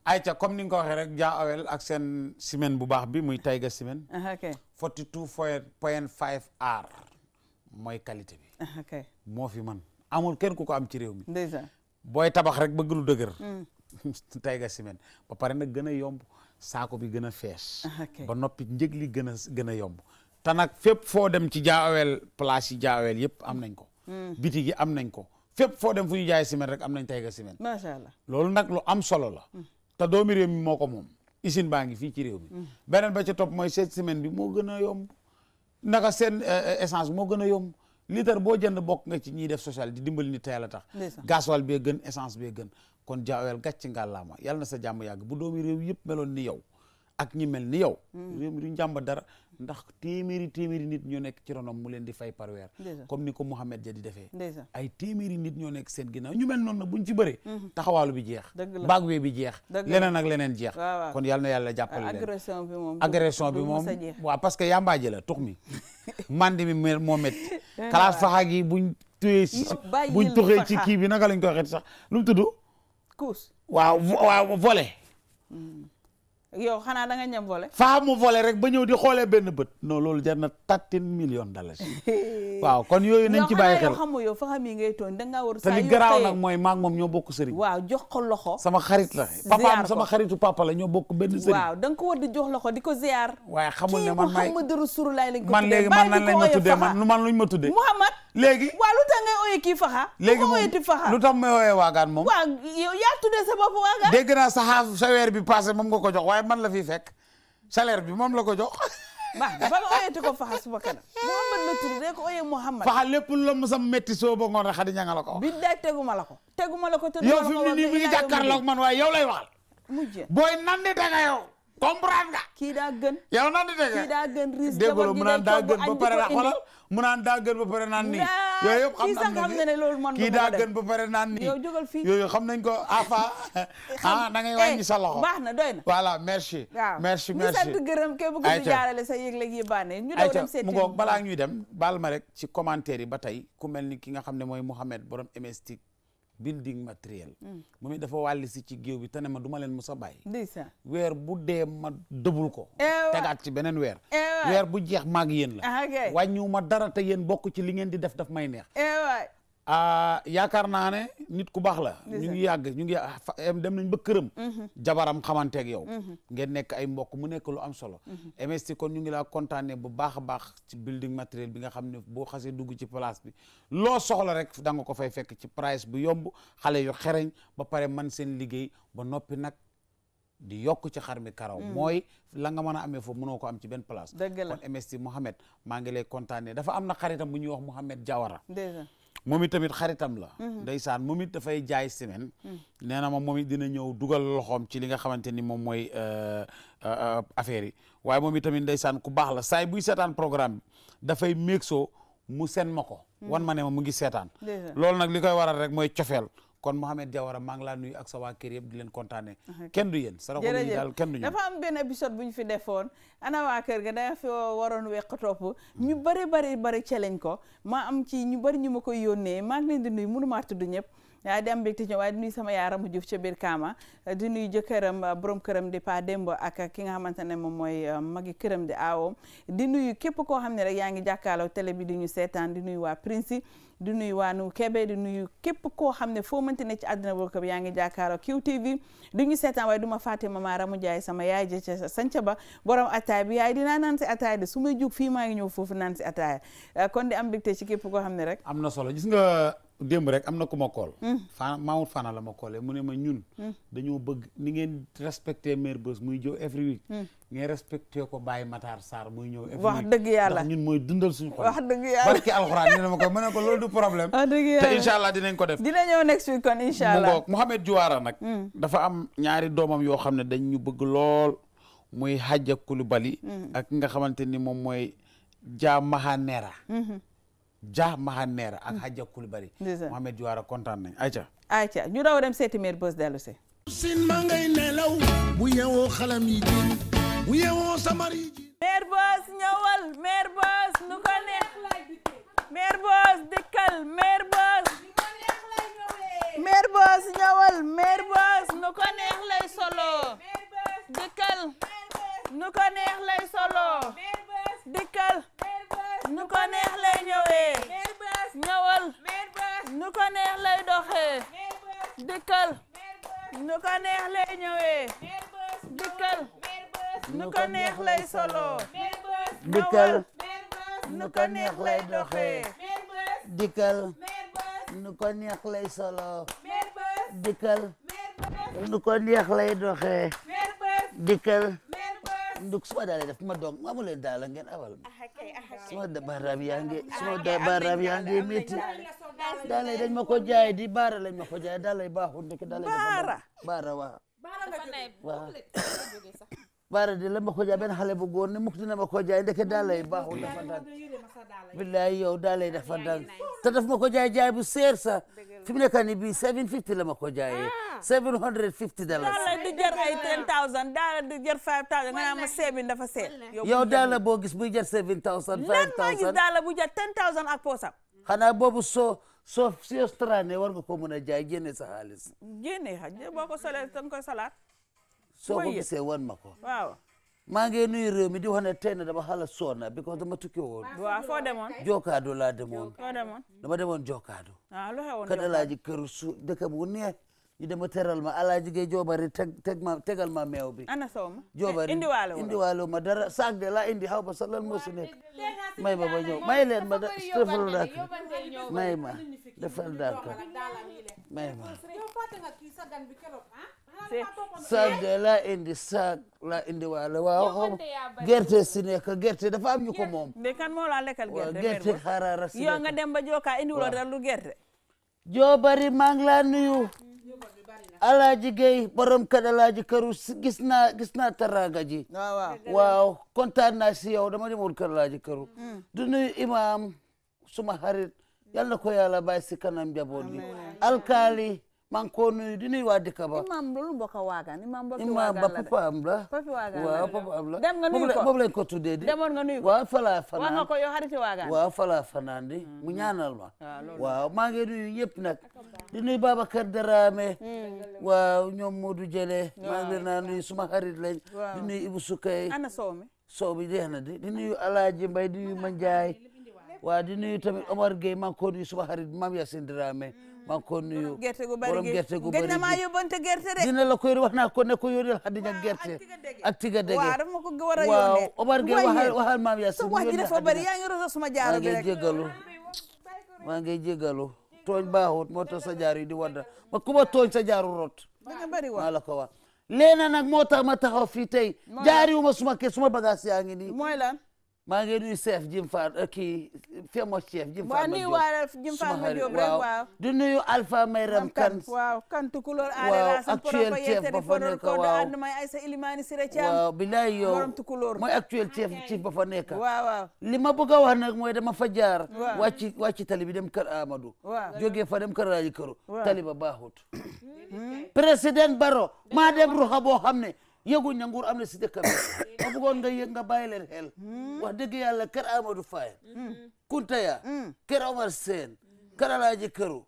ayca comme ni nga ko waxee rek jaa Awel ak seen semaine bu baax bi muy Taiga semaine. Ah, ok forty two point five R mooy qualité bi. Ah, moo fi man amul kenn ku ko am ci réew mi. ndeysaan booy tabax rek bëgg lu dëgër. Mm. Taiga semaine ba pare nag gën a yomb saako bi gën a fees. Ah, ba noppi njëg li gën a gën a yomb. te nag fépp foo dem ci Dia Awel place yi Dia Awel yëpp am nañ ko. Mm. biti gi am nañ ko. fépp foo dem fu ñu jaay semaine rek am nañ Taiga semaine. macha allah loolu nag lu am solo la. Mm. te doomi réew mi moo ko moom usine baa ngi fii ci réew mi mm. beneen ba ca topp mooy cette semaine bi moo gën a yomb naka seen eh, eh, essence moo gën a yomb litre boo jënd bokk nga ci ñiy def social di dimbali ni teel a tax wal bee gën essance bee gën kon jaawel gàcc ngàllaama yàlla na sa jàmm yàgg bu doomi réew yëpp meloon ni yow ak ñi mel ni yow hmm. réew mi duñ jàmba dara ndax téeméeri téeméeri nit ñoo nekk ci ronom mu leen di fay par weer comme ni ko Mouhamed ja di defee ay téeméeri nit ñoo nekk seen ginnaaw ñu mel noon na buñ ci bëree hmm. taxawaalu bi jeex baag wee bi jeex leneen ak leneen jeex kon yàlla na yàlla jàppale leen agression bi moom agression bi moom waaw parce que yàmbaaji la tux mi mandi mi moo métti eh, kalaas faxa gi buñ tuyee buñ tuxee ci kii bi naka lañ koy xet sax lu mu tudd kuus waaw waaw yow xanaa da nga ñam volé. faa mu volé rek ba ñëw di xoolee benn bët. non loolu jar na thirteen million dalasi. waaw kon yooyu nañ ci bàyyi xel yow xamu yow fa xam yi ngay tooñ da ngaa war. saa yu te li garaaw nag mooy maag moom ñoo bokk sëriñ. waaw jox ko loxo. sama xarit la papaam sama xaritu papa la ñoo bokk benn sëriñ. waaw da ko war di jox loxo di ko ziar. waaye xamul ne man may kii Muhammadu Rasulullah lañ ko tuddee. man léegi man nan lañ ma tuddee man man luñ ma tuddee. Muhammad léegi waaw lu tax ngay ooyee kii faxa léegi moom lu tax may ooyee waagaan moom waaw yow yaa tuddee sa bopp waagaan dégg a sa xaaf sa weer bi passé moom nga ko jox waaye man la fi fekk salaire bi moom la ko jox. baax na bala oyati ko faxa suba kanam. Mouhamad la tudd rek oyee Mouhamad. faxa lépp lu la musam métti soo ba ngoon xadi ñanga la ko. bi day teguma la ko. teguma la ko te yow fi mu ne nii mi ngi jàkkaarloog man waaye yow lay waxal. mujj booy nan di tega yow. comprendre nga. kii daa gën. yow nan di tega kii daa gën risque. jabar gi day togg añ di ko mu naan daa gën ba pare naan ni yooyu yëpp ne loolu man kii daa gën ba pare naan nii. yow jógal fii yooyu xam nañ ko afa ah, ah da ngay wàññi sa baax na doy na. voilà merci. waaw merci merci ñu sant gërëm kay bu ko di sa yëg-yëg yi baax ñu daw dem seeti ñuy dem ma rek ci commentaire yi ba tey ku mel ni ki nga xam ne mooy Mouhamed borom MST building matériel. Mm. moom it dafa wàlli si ci géew bi te ne ma duma leen mës a bàyyi. ndeysaan weer bu dee ma dëbul ko. Eh tegaat ci beneen weer. Eh weer bu jeex maak yéen la. Ah, wàññiwu dara te yéen bokk ci li ngeen di def daf may neex. Eh Ah, yaakaar naa ne nit ku baax la ñu ngi yàgg ñu ngi ah, dem nañ ba këram mhm. jabaram xamanteeg yow mhm. ngeen nekk ay mbokk mu nekk lu am solo MST mhm. kon ñu ngi laa kontaane bu baax a baax ci building matériel bi nga xam ne boo xasee dugg ci place bi loo soxla rek da nga ko fay fekk ci price bu yomb xale yu xereñ ba pare man seen liggéey ba noppi nag di yokk ci xar mi karaw mooy la nga mën a amee foofu mënoo ko am ci benn place dëgg la kon MST Mouhamed maa ngi lay kontaane dafa am na xaritam bu ñuy wax Mouhamed Diawara moom it tamit xaritam la. Mhm. ndeysaan moom it dafay jaay semaine. Mhm. nee na ma moom it dina ñëw dugal loxoom ci li nga xamante ni moom mooy euh, euh, euh, affaire yi waaye moom it tamit ndeysaan ku baax la saay buy seetaan programme dafay méeg soo mu sen ma ko. Mhm. wan ma ne ma mu ngi seetaan. loolu nag li koy waral rek mooy cofeel kon Mohamed Diawara maa ngi laa ak sa waa kër yëpp di leen kontaane kenn du yéen saraxu yi daal kenn du ñu dafa am benn épisode bu ñu fi defoon ana waa kër ga danga fi waroon weq topp ñu bari bari bari ca lañ ko maa am ci ñu bari ñu ma koy yónnee maa ngi leen di nuy mënu maa tudd ñëpp yaa dem mbégte ñëw waaye di nuyu sama yaay Ramou Diouf ca biir Kaama di nuyu jëkkëram uh, borom këram di Pa Dembo ak ki nga xamante ne moom mooy uh, magi këram di aawom di nuyu képp koo xam ne rek yaa ngi jàkkaarloo télé bi di ñu seetaan di nuyu waa Prince di nuyu waa nu di nuyu képp koo xam ne foo mënti ne ci àddina boo ko yaa ngi jàkkaarloo QTV di ñu seetaan waaye du ma fàtte mama Ramou Jaay sama yaay ja ca sanca ba borom ataay bi yaay dinaa naan si ataay su may jug fii maa ngi ñëw foofu naan si ataaya uh, kon di am mbégte ci képp koo xam ne rek am na solo démb rek am na ku ma kool hmm. faa Mamour Fana la ma koolee mu ne ma ñun hmm. dañoo bëgg ni ngeen respecté maire bés muy jow every week hmm. ngeen respecté ko Baye Matar Sarr muy ñëw every week wax dëgg yàlla ñun mooy dundal suñu xol wax dëgg yàlla ko ma ne ko loolu du problème wax dëgg allah ko def dina ñëw next week kon incha allah mu ngoog Mouhamed Diouara dafa am ñaari doomam yoo xam ne dañ ñu bëgg lool muy Hadja Koulibaly ak nga xamante ni moom mooy Dia Mahanera Jah Mahaner ak Hadja Kulibari. Mohamed Juwara kontaan nañ ayca. ayca ñu daw dem meer bës dellu sin ma nelaw bu yeewoo xalam yi bu yeewoo samar yi meer bës ñëwal meer bës nu neex lay solo. dikkal. nu ko neex lay ñëwee ñëwal nu ko neex lay doxee dikkal nu ko neex lay ñëwee dikkal nu ko neex lay solo dikkal nu neex lay doxee dikkal nduk suma daale def ma dog ma mu leen daala ngeen awal suma baaraam yaa ngi suma baaraam yaa ngi métti daale dañ ma ko jaay di baara lañ ma ko jaay daale baaxul nekk daale baara baara waa baara di la ma ko jaay benn xale bu góor ne mukk dina ma ko jaay ndeke daale baaxul dafa daan billaay yow daale dafa daan daf ma ko jaay bu seer fi mu nekk nii bii la ma ko jaayee. 750 ah. dollars. daal du jar ay 10000 daal du jar nga naan ma seebin dafa seet. yow daal la boo gis buy jar 7000. 5000 lan maa gis daal la bu jar 10000 ak poosam. xanaa boobu soo soo soo strané war nga ko mën a jaay génne sa xaalis. génne ha boo ko solee da nga koy salaat. ko gisee wan ma maa ngi nuyu réew mi di wax ne tey na dama xala soona because dama tukki woon. waaw foo demoon. Jokaado laa demoon. foo demoon. dama demoon Jokaado. ah lu xewoon kat su dëkk bu neex ñu dama teral ma alaaji ge joobari teg teg tegal ma meew bi. ana sow ma joobari indi waalo indi ma dara saag de laa indi xaw ma sax lan moo si nekk. may ma ba ñëw may leen ma da defal dàkk may ma defal dàkk may sag laa indi sag la indi waale waaw gerte si nekk gerte dafa am ñu ko moom mais kan moo la gerte gerte si yow nga dem ba joka indi wala dara lu gerte joo bari maa ngi nuyu alaaji gay borom kada alaaji karu gis naa gis naa taraanga ji waaw kontaan naa si yow dama demoon kër alaaji karu mm. du nuyu imaam suma xarit yal na ko yàlla bàyyi si kanam njaboot gi alkaali maa ngi koo nuyu di nuyu waa dëkk ba. imaam lu bokk a waagaan imaam bokk a waagaan la de imaam ba papa am la. papa waagaan la waaw papa am la. dem nga nuyu ko boobu lañ ko tuddee di. demoon nga nuyu ko waaw falaa fanaan wax nga ko yow xariti waagaan. waaw falaa fanaan di mm. mu ñaanal ma. waaw maa ngi nuyu ñëpp nag. di nuyu Babacar Darame. Mm. waaw ñoom Modou Jele. maa ngi leen di nuyu suma xarit lañ. di nuyu Ibou Soukey. ana Sow mi Sow bi jeex na di di nuyu Alaaji Mbay di nuyu Manjaay. waaw di nuyu tamit Omar Gueye maa ngi ko nuyu suma xarit Mam Yacine Darame mm. maa ngi ko nuyu borom gerte gu bari maa yóbbante gerte de dina la koy wax naa kon ne ko yónneel Xadija gerte ak tiga dege waaw dama ko war a yónnee waaw Omar Gueye waxal waxal maam yaa sama wax ji dafa bari yaa ngi rosa suma jaaro bi rek maa ngi jégalu maa ngi jégalu tooñ sa jaar yi di wadda ma ku ma tooñ sa jaaru rot maa la ko wax leena nag moo tax ma taxaw fii tey jaari wu ma suma ke suma bagage yaa ngi mooy lan maa ngi nuyu chef Jim Fall eh, kii famous chef Jim Fall ma Jim Fall ma Diop rek waaw di nuyu Alpha Mayram kan waaw kan tukulóor aare la actuel chef ba fa nekk waaw may Aïssa Ilimani Sira Thiam waaw bilaay yow mooy actuel chef chef ba fa nekk waaw waaw li ma bëgg a wax nag mooy dama fa jaar wàcci wàcci tali bi dem kër Amadou waaw jógee fa dem kër Raji Këru tali ba baaxut hmm? président Barrow maa dem ruxa boo xam ne yëguñ na am na si dëkk bi ma bëggoon nga yëg nga bàyyi leen xel hmm. wax dëgg yàlla kër Amadou Faye hmm. Kuntaya hmm. kër Omar Sène kër Alaaji Këru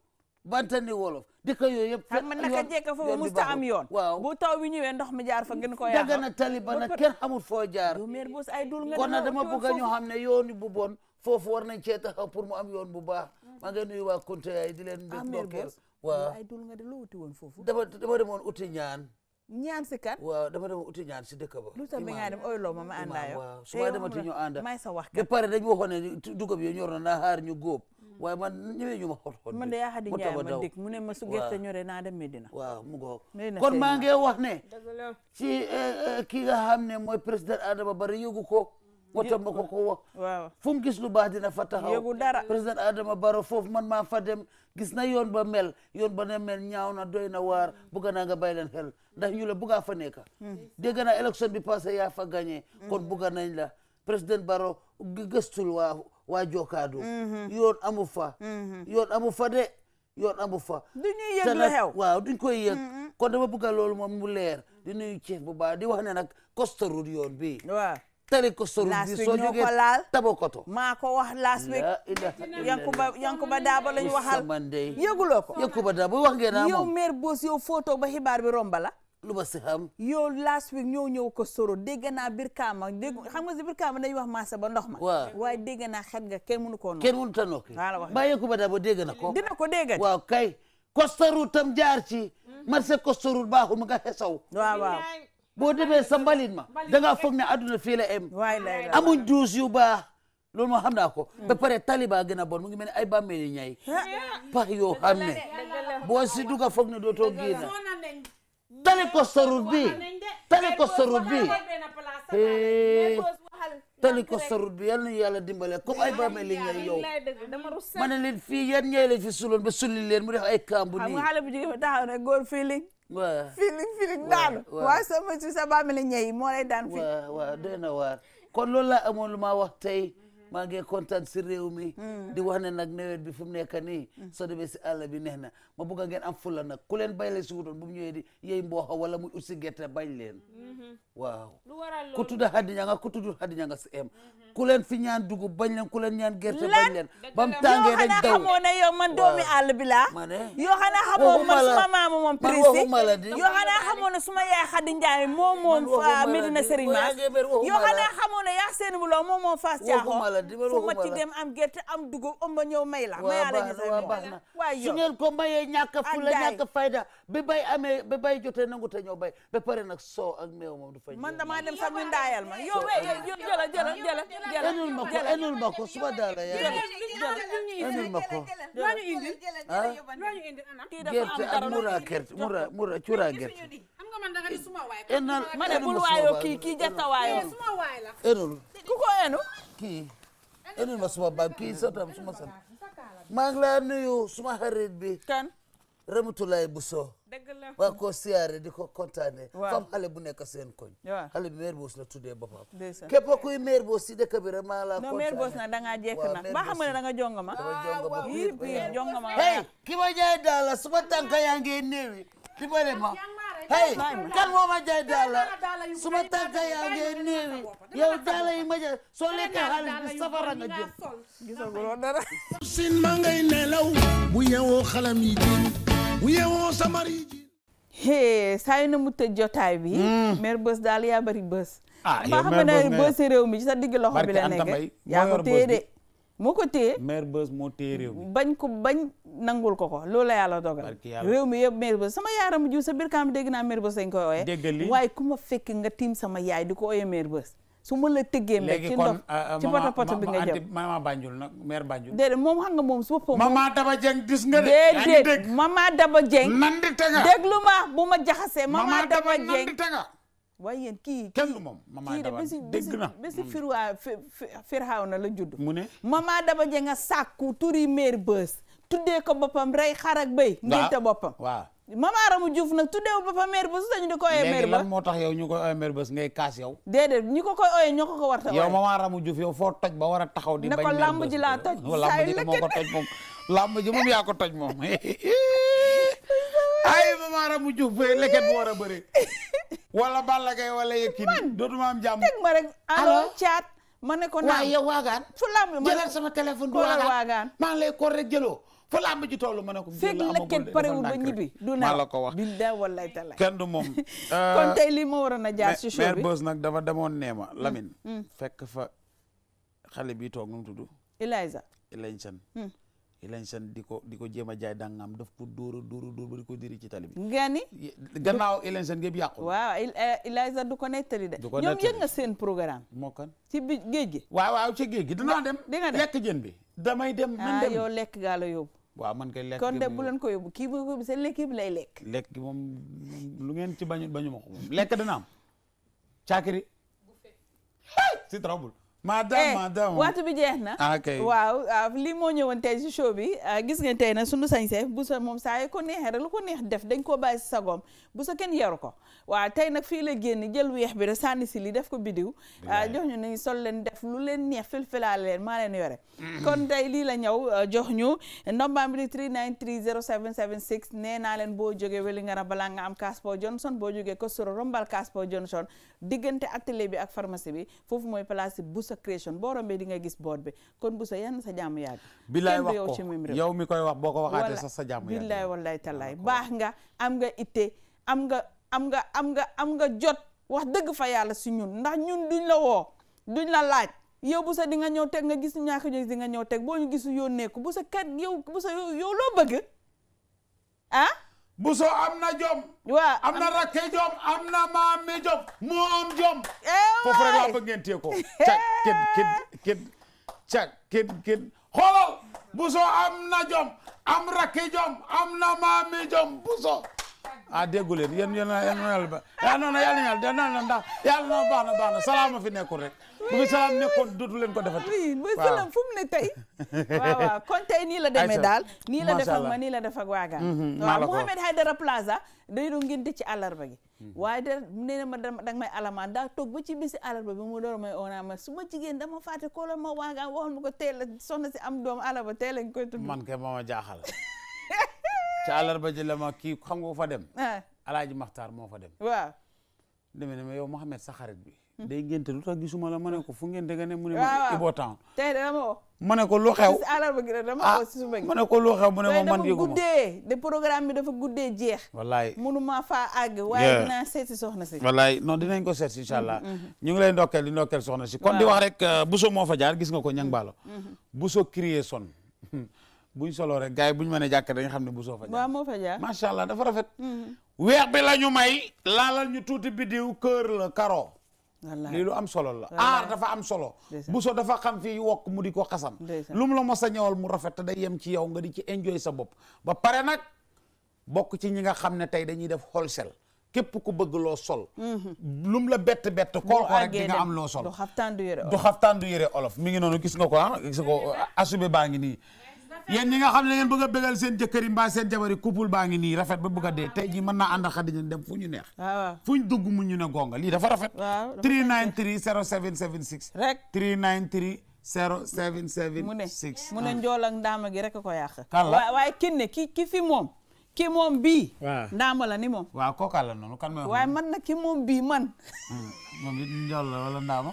bantandi wolof dëkk yooyu yëpp xam man naka jekk foofu am yoon waaw bu taw bi ñëwee ndox mi jaar fa gën ko yàq na taliba nag kenn xamul foo jaar maire boss ay dul nga kon nag dama bëgg ñu xam ne yoon bu bon foofu war nañ cee taxaw pour mu am yoon bu baax maa ngi nuyu waa Kuntaya yi di leen ah, mbir ndokkeel waaw ay dul nga de loo uti woon foofu dama dama demoon uti ñaan ñaan si kan. waaw dama dem uti ñaan si dëkk ba. lu tax mi ma ma àndaayoo. waaw su ma demati ñu ànda. may na naa xaar ñu góob. Mm. waaye ma xot xot. ma dégg mu ne ma su gerte ñoree naa dem Medina. waaw maa ngi wax ne. ci eh, eh, ki nga xam ne mooy président Adama Barrow yëgu ko. Mm. woto ma ko ko wax. waaw fu mu gis lu baax dina fa taxaw. yëgu dara président Adama Barrow foofu man maa fa dem. gis na yoon ba mel yoon ba na mel ñaaw na doy na waar bugga naa nga bàyyi leen xel ndax ñu la buggaa fa nekk mm-hmm. dégg naa élection bi passé yaa fa gagné mm-hmm. kon bugga nañ la président Barrow gëstul waa waa Jokaadu mm-hmm. yoon amu fa yoon amu fa de yoon amu fa du ñuy yëg la xew waaw duñ koy yëg kon dama bugga loolu moom mu leer di nuy ceef bu baa di wax ne nag costarul yoon bi tari ko solu bi soo jógee tabo koto maa ko wax last week yankuba yankuba daaba lañu waxal yëguloo ko yankuba daaba wax ngeen naa yow maire boos yow photo ba xibaar bi romba la lu ba si xam yow last week ñëw ñëw ko soro dégg naa bir kaama dégg xam nga si biir kaama dañuy wax maasa ba ndox ma waaw waaye dégg naa xet nga kenn mënu koo nokk kenn mënu ta nokk ba yankuba daaba dégg na ko dina ko dégg waaw kay kostaru tam jaar ci mm-hmm. marché kostaru baaxul mu nga xesaw waaw waaw boo demee sa mbalit ma danga ngaa foog ne adduna fii la em amuñ duus yu baax loolu moo xam naa ko hmm. ba pare taliba gën a bon mu ngi mel ni ay bàmmeel yu ñay pax yoo xam ne boo si dugg foog ne dootoo génn tale ko sorut bi tale ko sorut bi tali ko sorut bi yal na yàlla dimbale comme ay bàmmeel yi ñay yow ma ne leen fii yan ñay leen fi suloon ba sulli leen mu def ay kambu nii waaw filig filig waa waaw sama ci sa bàmmeel ñey moo lay daan. fi waaw waaw doy na waar kon loolu laa amoon lu ma wax tey. maa ngi kontaan si réew mi mm. di wax ne nag nawet bi fu mu nekk nii mm. soo demee bi neex na ma bëgg am fulla nag ku leen bay la si wutoon bu mu ñëwee di yey mbooxa wala muy ut mm-hmm. si gerte bañ mm-hmm. leen waaw ku tudda xaddiña ku tuddul si ñaan dugub bañ leen ku leen ñaan gerte bañ leen bam tàngee rek daw yoo xanaa xamoo man doomi àll bi laa ma ne yoo xanaa xamoo man suma maama moom prisi yoo xanaa suma yaay xaddi njaay moom moom Medina Serigne Mass yoo xanaa xamoo ne yaa la dimbali fu ma ci dem am gerte am dugub am ma ñëw may la. waaw baax na na su ngeen ko mayee ñàkk fula ñàkk fayda. bi bay amee bi bay jotee nangu te ñëw bay ba pare nag soo ak meew moom du fay. man damaa dem sax ñu ndaayal ma yow jëla jëla jëla jëla. enul ma ko enul ma ko suba daal la yaa ngi. enul ma ko. ah gerte ak mura gerte mura mura cuura gerte. enal enul ma suma waay la enul ku ko enu kii. indil ma suma baab kii satam suma sant maa ngi laa nuyu suma xarit bi. kan. Ramatoulaye Bousso. dëgg la ko siyaare di ko kontaane. waaw fam bu nekk seen koñ. waaw xale bi maire la tuddee boppam. ndeysaan képp kuy maire boos si dëkk bi rek la. kontaane non jekk na ba xam ne da nga jongama. da ki ma jaay daal suma tànka yaa ngi néewi ki ma ma. hey kan moo ma jaay daala su ma yaa ngi néewi yow daala yi ma jaay soo lekkee xaalis bi safara nga jëm gisaguloo dara sin ma ngay nelaw bu yeewoo xalam yi jiin bu yeewoo samar yi jiin hee saa yu na mu tëj jotaay bi hmm. mère bës daal yaa bari bës ah yow mère bës bës mi ci sa digg loxo bi la yaa ko téye moo ko téye maire Beuz moo téye réew mi bañ ko bañ nangul ko ko loolu la yàlla dogal réew mi yëpp maire Beuz sama yaaram ju sa biir kaam dégg na maire Beuz dañ koy ooyee waaye ku ma fekk nga tiim sama yaay di ko su ma la tëggee mbéy ci ndox euh, euh, ci poto poto bi nga jëm mama Banjul nag maire moom xam moom su boppam mama Daba Dieng gis nga de déedéet mama Daba Dieng nandi ma bu ma jaxasee mama Daba Dieng waaye yéen kii kenn du moom maman Daba dégg na kii de bési firwaa na mm. ah, la judd. mu ne ma maman Daba je nga sàkku turi mère bës. tuddee ko boppam rey xar ak béy. waaw ngénte boppam waaw. ma Ramou Diouf nag tuddee boppam mère bës dañu di ko oyee. mère bës léegi lan moo tax yow ñu koy oyee ngay kaas yow. déedéet ñi ko koy oyee ñoo ko ko war a. ma maman Ramou Diouf yow foo toj ba war a taxaw di. bañ mère bës ne ko lamb ji laa toj. saa yu lëkkale lamb ji moom yaa ko toj moom. ay ba maara mu jóg bëri leket bu war a bëri wala Balla Gaye wala Yékini dootuma am jàmm teg ma rek alors caat ma ne ko naam yow waagaan fu lamb jëlal sama téléphone maa ngi lay koor rek jëloo fa làmb ji toll ma ne ko. fekk leket parewul la ko wax bilaa wallaay talaay kenn du moom. kon tey lii ma waroon a jaar ci bi nag dafa demoon neema mm, Lamine. Mm. fekk fa xale bi toog nu mu Eliza Eliza. Ilañ San di ko di ko jéem a jaay dàngam daf ko dóor a dóor a dóor ba di diri ci tali bi. nga ni gannaaw Ilañ San yëpp yàqu. waaw Ilañ euh, San du ko nettali de. du ko nettali ñoom yëg seen programme. moo kan ci bi géej gi. waaw waaw ci géej gi dinaa dem. di nga dem lekk bi. damay dem man ah, dem lekk gaa la waaw man kay lekk kon de bu leen ko yóbbu kii bu yóbbu seen bi lay lekk. lekk gi moom lu ngeen ci bañu bañu ma lekk dana am si trouble. madame eh, madame waxtu bi jeex na. Ah, waaw ah, li moo ñëwoon tey si show ah, gis ngeen tey na sunu sañse bu sa moom saa ko neexee rek lu ko neex def dañ koo bàyyi si sagoom bu sa kenn yaru ko. waaw tey nag fii la génn jël weex bi rek sànni si li def ko bidiw ah, jox ñu nañu sol leen def lu leen neex filfilaale leen maa leen yore kon tey lii la ñaw ah, jox ñu ndombaam bi di 3930776 nee naa leen boo jógee Wellingara balaa nga am Caspo Johnson boo jógee Kostoro rombal Caspo Johnson diggante atelier bi ak pharmacie bi foofu mooy place Boussa Création boo rombee di nga gis boot bi kon Boussa yan sa jàmm yàgg bilaay wax ko yow mi koy wax boo ko waxaatee sax sa jàmm yàgg bilaay wallaay tallaay baax nga am nga itte am nga am nga am nga am nga jot wax dëgg fa yàlla si ñun ndax ñun duñ la woo duñ la laaj yow bu sa di nga ñëw teg nga gis ñàkk ñu di nga ñëw teg boo ñu gisu yónnee ko bu sa kat yow loo bëgg ah bu am na jom am rakke jom am na maame jom moo ah déggu leen a yéen a ba ah non non yàlla na yàlla non non ndax yàlla na baax salaama fi nekkul rek. bu fi salaam nekkoon dootu leen ko defa waaw oui mooy salaam ne tey. waaw waaw kon nii la demee daal. nii la def ma nii la def ak waaga. Mhm, waaw Mouhamed Haydara Plaza. day doon ci àllarba gi. waaye de nee na ma danga toog ba ci bisi àllarba bi mu door may oonaa ma su ma jigéen dama fàtte koo la ma waaga waxoon ma ko teel a soxna si am doomu àllarba teel lañ koy tudd. ca àllarba ji la ma kii xam nga fa dem. Eh. alaaji Maxtaar moo fa dem. waaw. deme ne ma yow Mouhamed sa bi. day ngénte lu tax gisuma la ma ne ko fu ngénte nga ne mu ne ma Ibo Town. ma ne ko lu xew si àllarba gi dama ah, woo si ma ko lu xew mu ne ma man yëgu ma guddee de programme bi dafa guddee jeex. wallaay mënuma faa àgg. waaye dinaa seeti soxna si. wallaay non dinañ ko seet si incha allah. Mm-hmm, mm-hmm. ñu ngi lay ndokkeel di ndokkeel soxna si. kon di wax rek euh, Bousso moo fa jaar gis nga ko ñang baalo mm-hmm. Bousso crier buñ solo rek gars yi buñ mën a jàkk dañ xam ne bu soo fa jaar waaw moo fa jaar macha allah dafa rafet mm-hmm. weex bi la ñu may laalal ñu tuuti bidiw kër la karo lii lu am solo la aar dafa am solo bu so dafa xam fii wokk mu di ko xasam lu mu la mos a ñawal mu rafet te day yem ci yow nga di ci enjoy sa bopp ba pare nag bokk ci ñi nga xam ne tey dañuy def wholesale képp ku bëgg loo sol mm-hmm. lu mu la bett bett kool ko rek di nga am loo sol du xaftaan du yëre olof mi ngi noonu gis nga ko ah gis baa ngi nii yéen ñi nga xam ne ngeen a bëggal seen jëkkër yi mbaa seen jabar yi couple baa ngi nii rafet ba bëgg a dee tey jii mën naa ànd ak Khadija dem fu ñu neex fu ñu dugg mu ñu ne gonga lii dafa rafet 393 0776 rek 393 0776 mu ne ah. mu ne njool ak ndaama gi rek ko yàq kan la waaye kenn ki ki fi moom ki moom bii ndaama la ni moom waaw kooka la noonu kan mooy ki moom bii man hmm. moom it njool la wala ndaama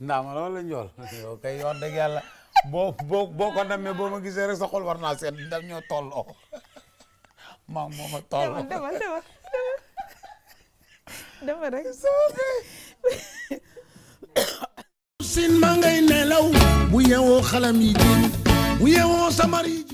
ndaama la wala njool kay wax dëgg yàlla boo boo boo ko demee boo ma gisee rek sa xol war naa seet daf ñoo tolloo maa ngi moom a tolloo. dama dama dama rek. sin ma ngay nelaw bu yeewoo xalam yi diin bu yeewoo samar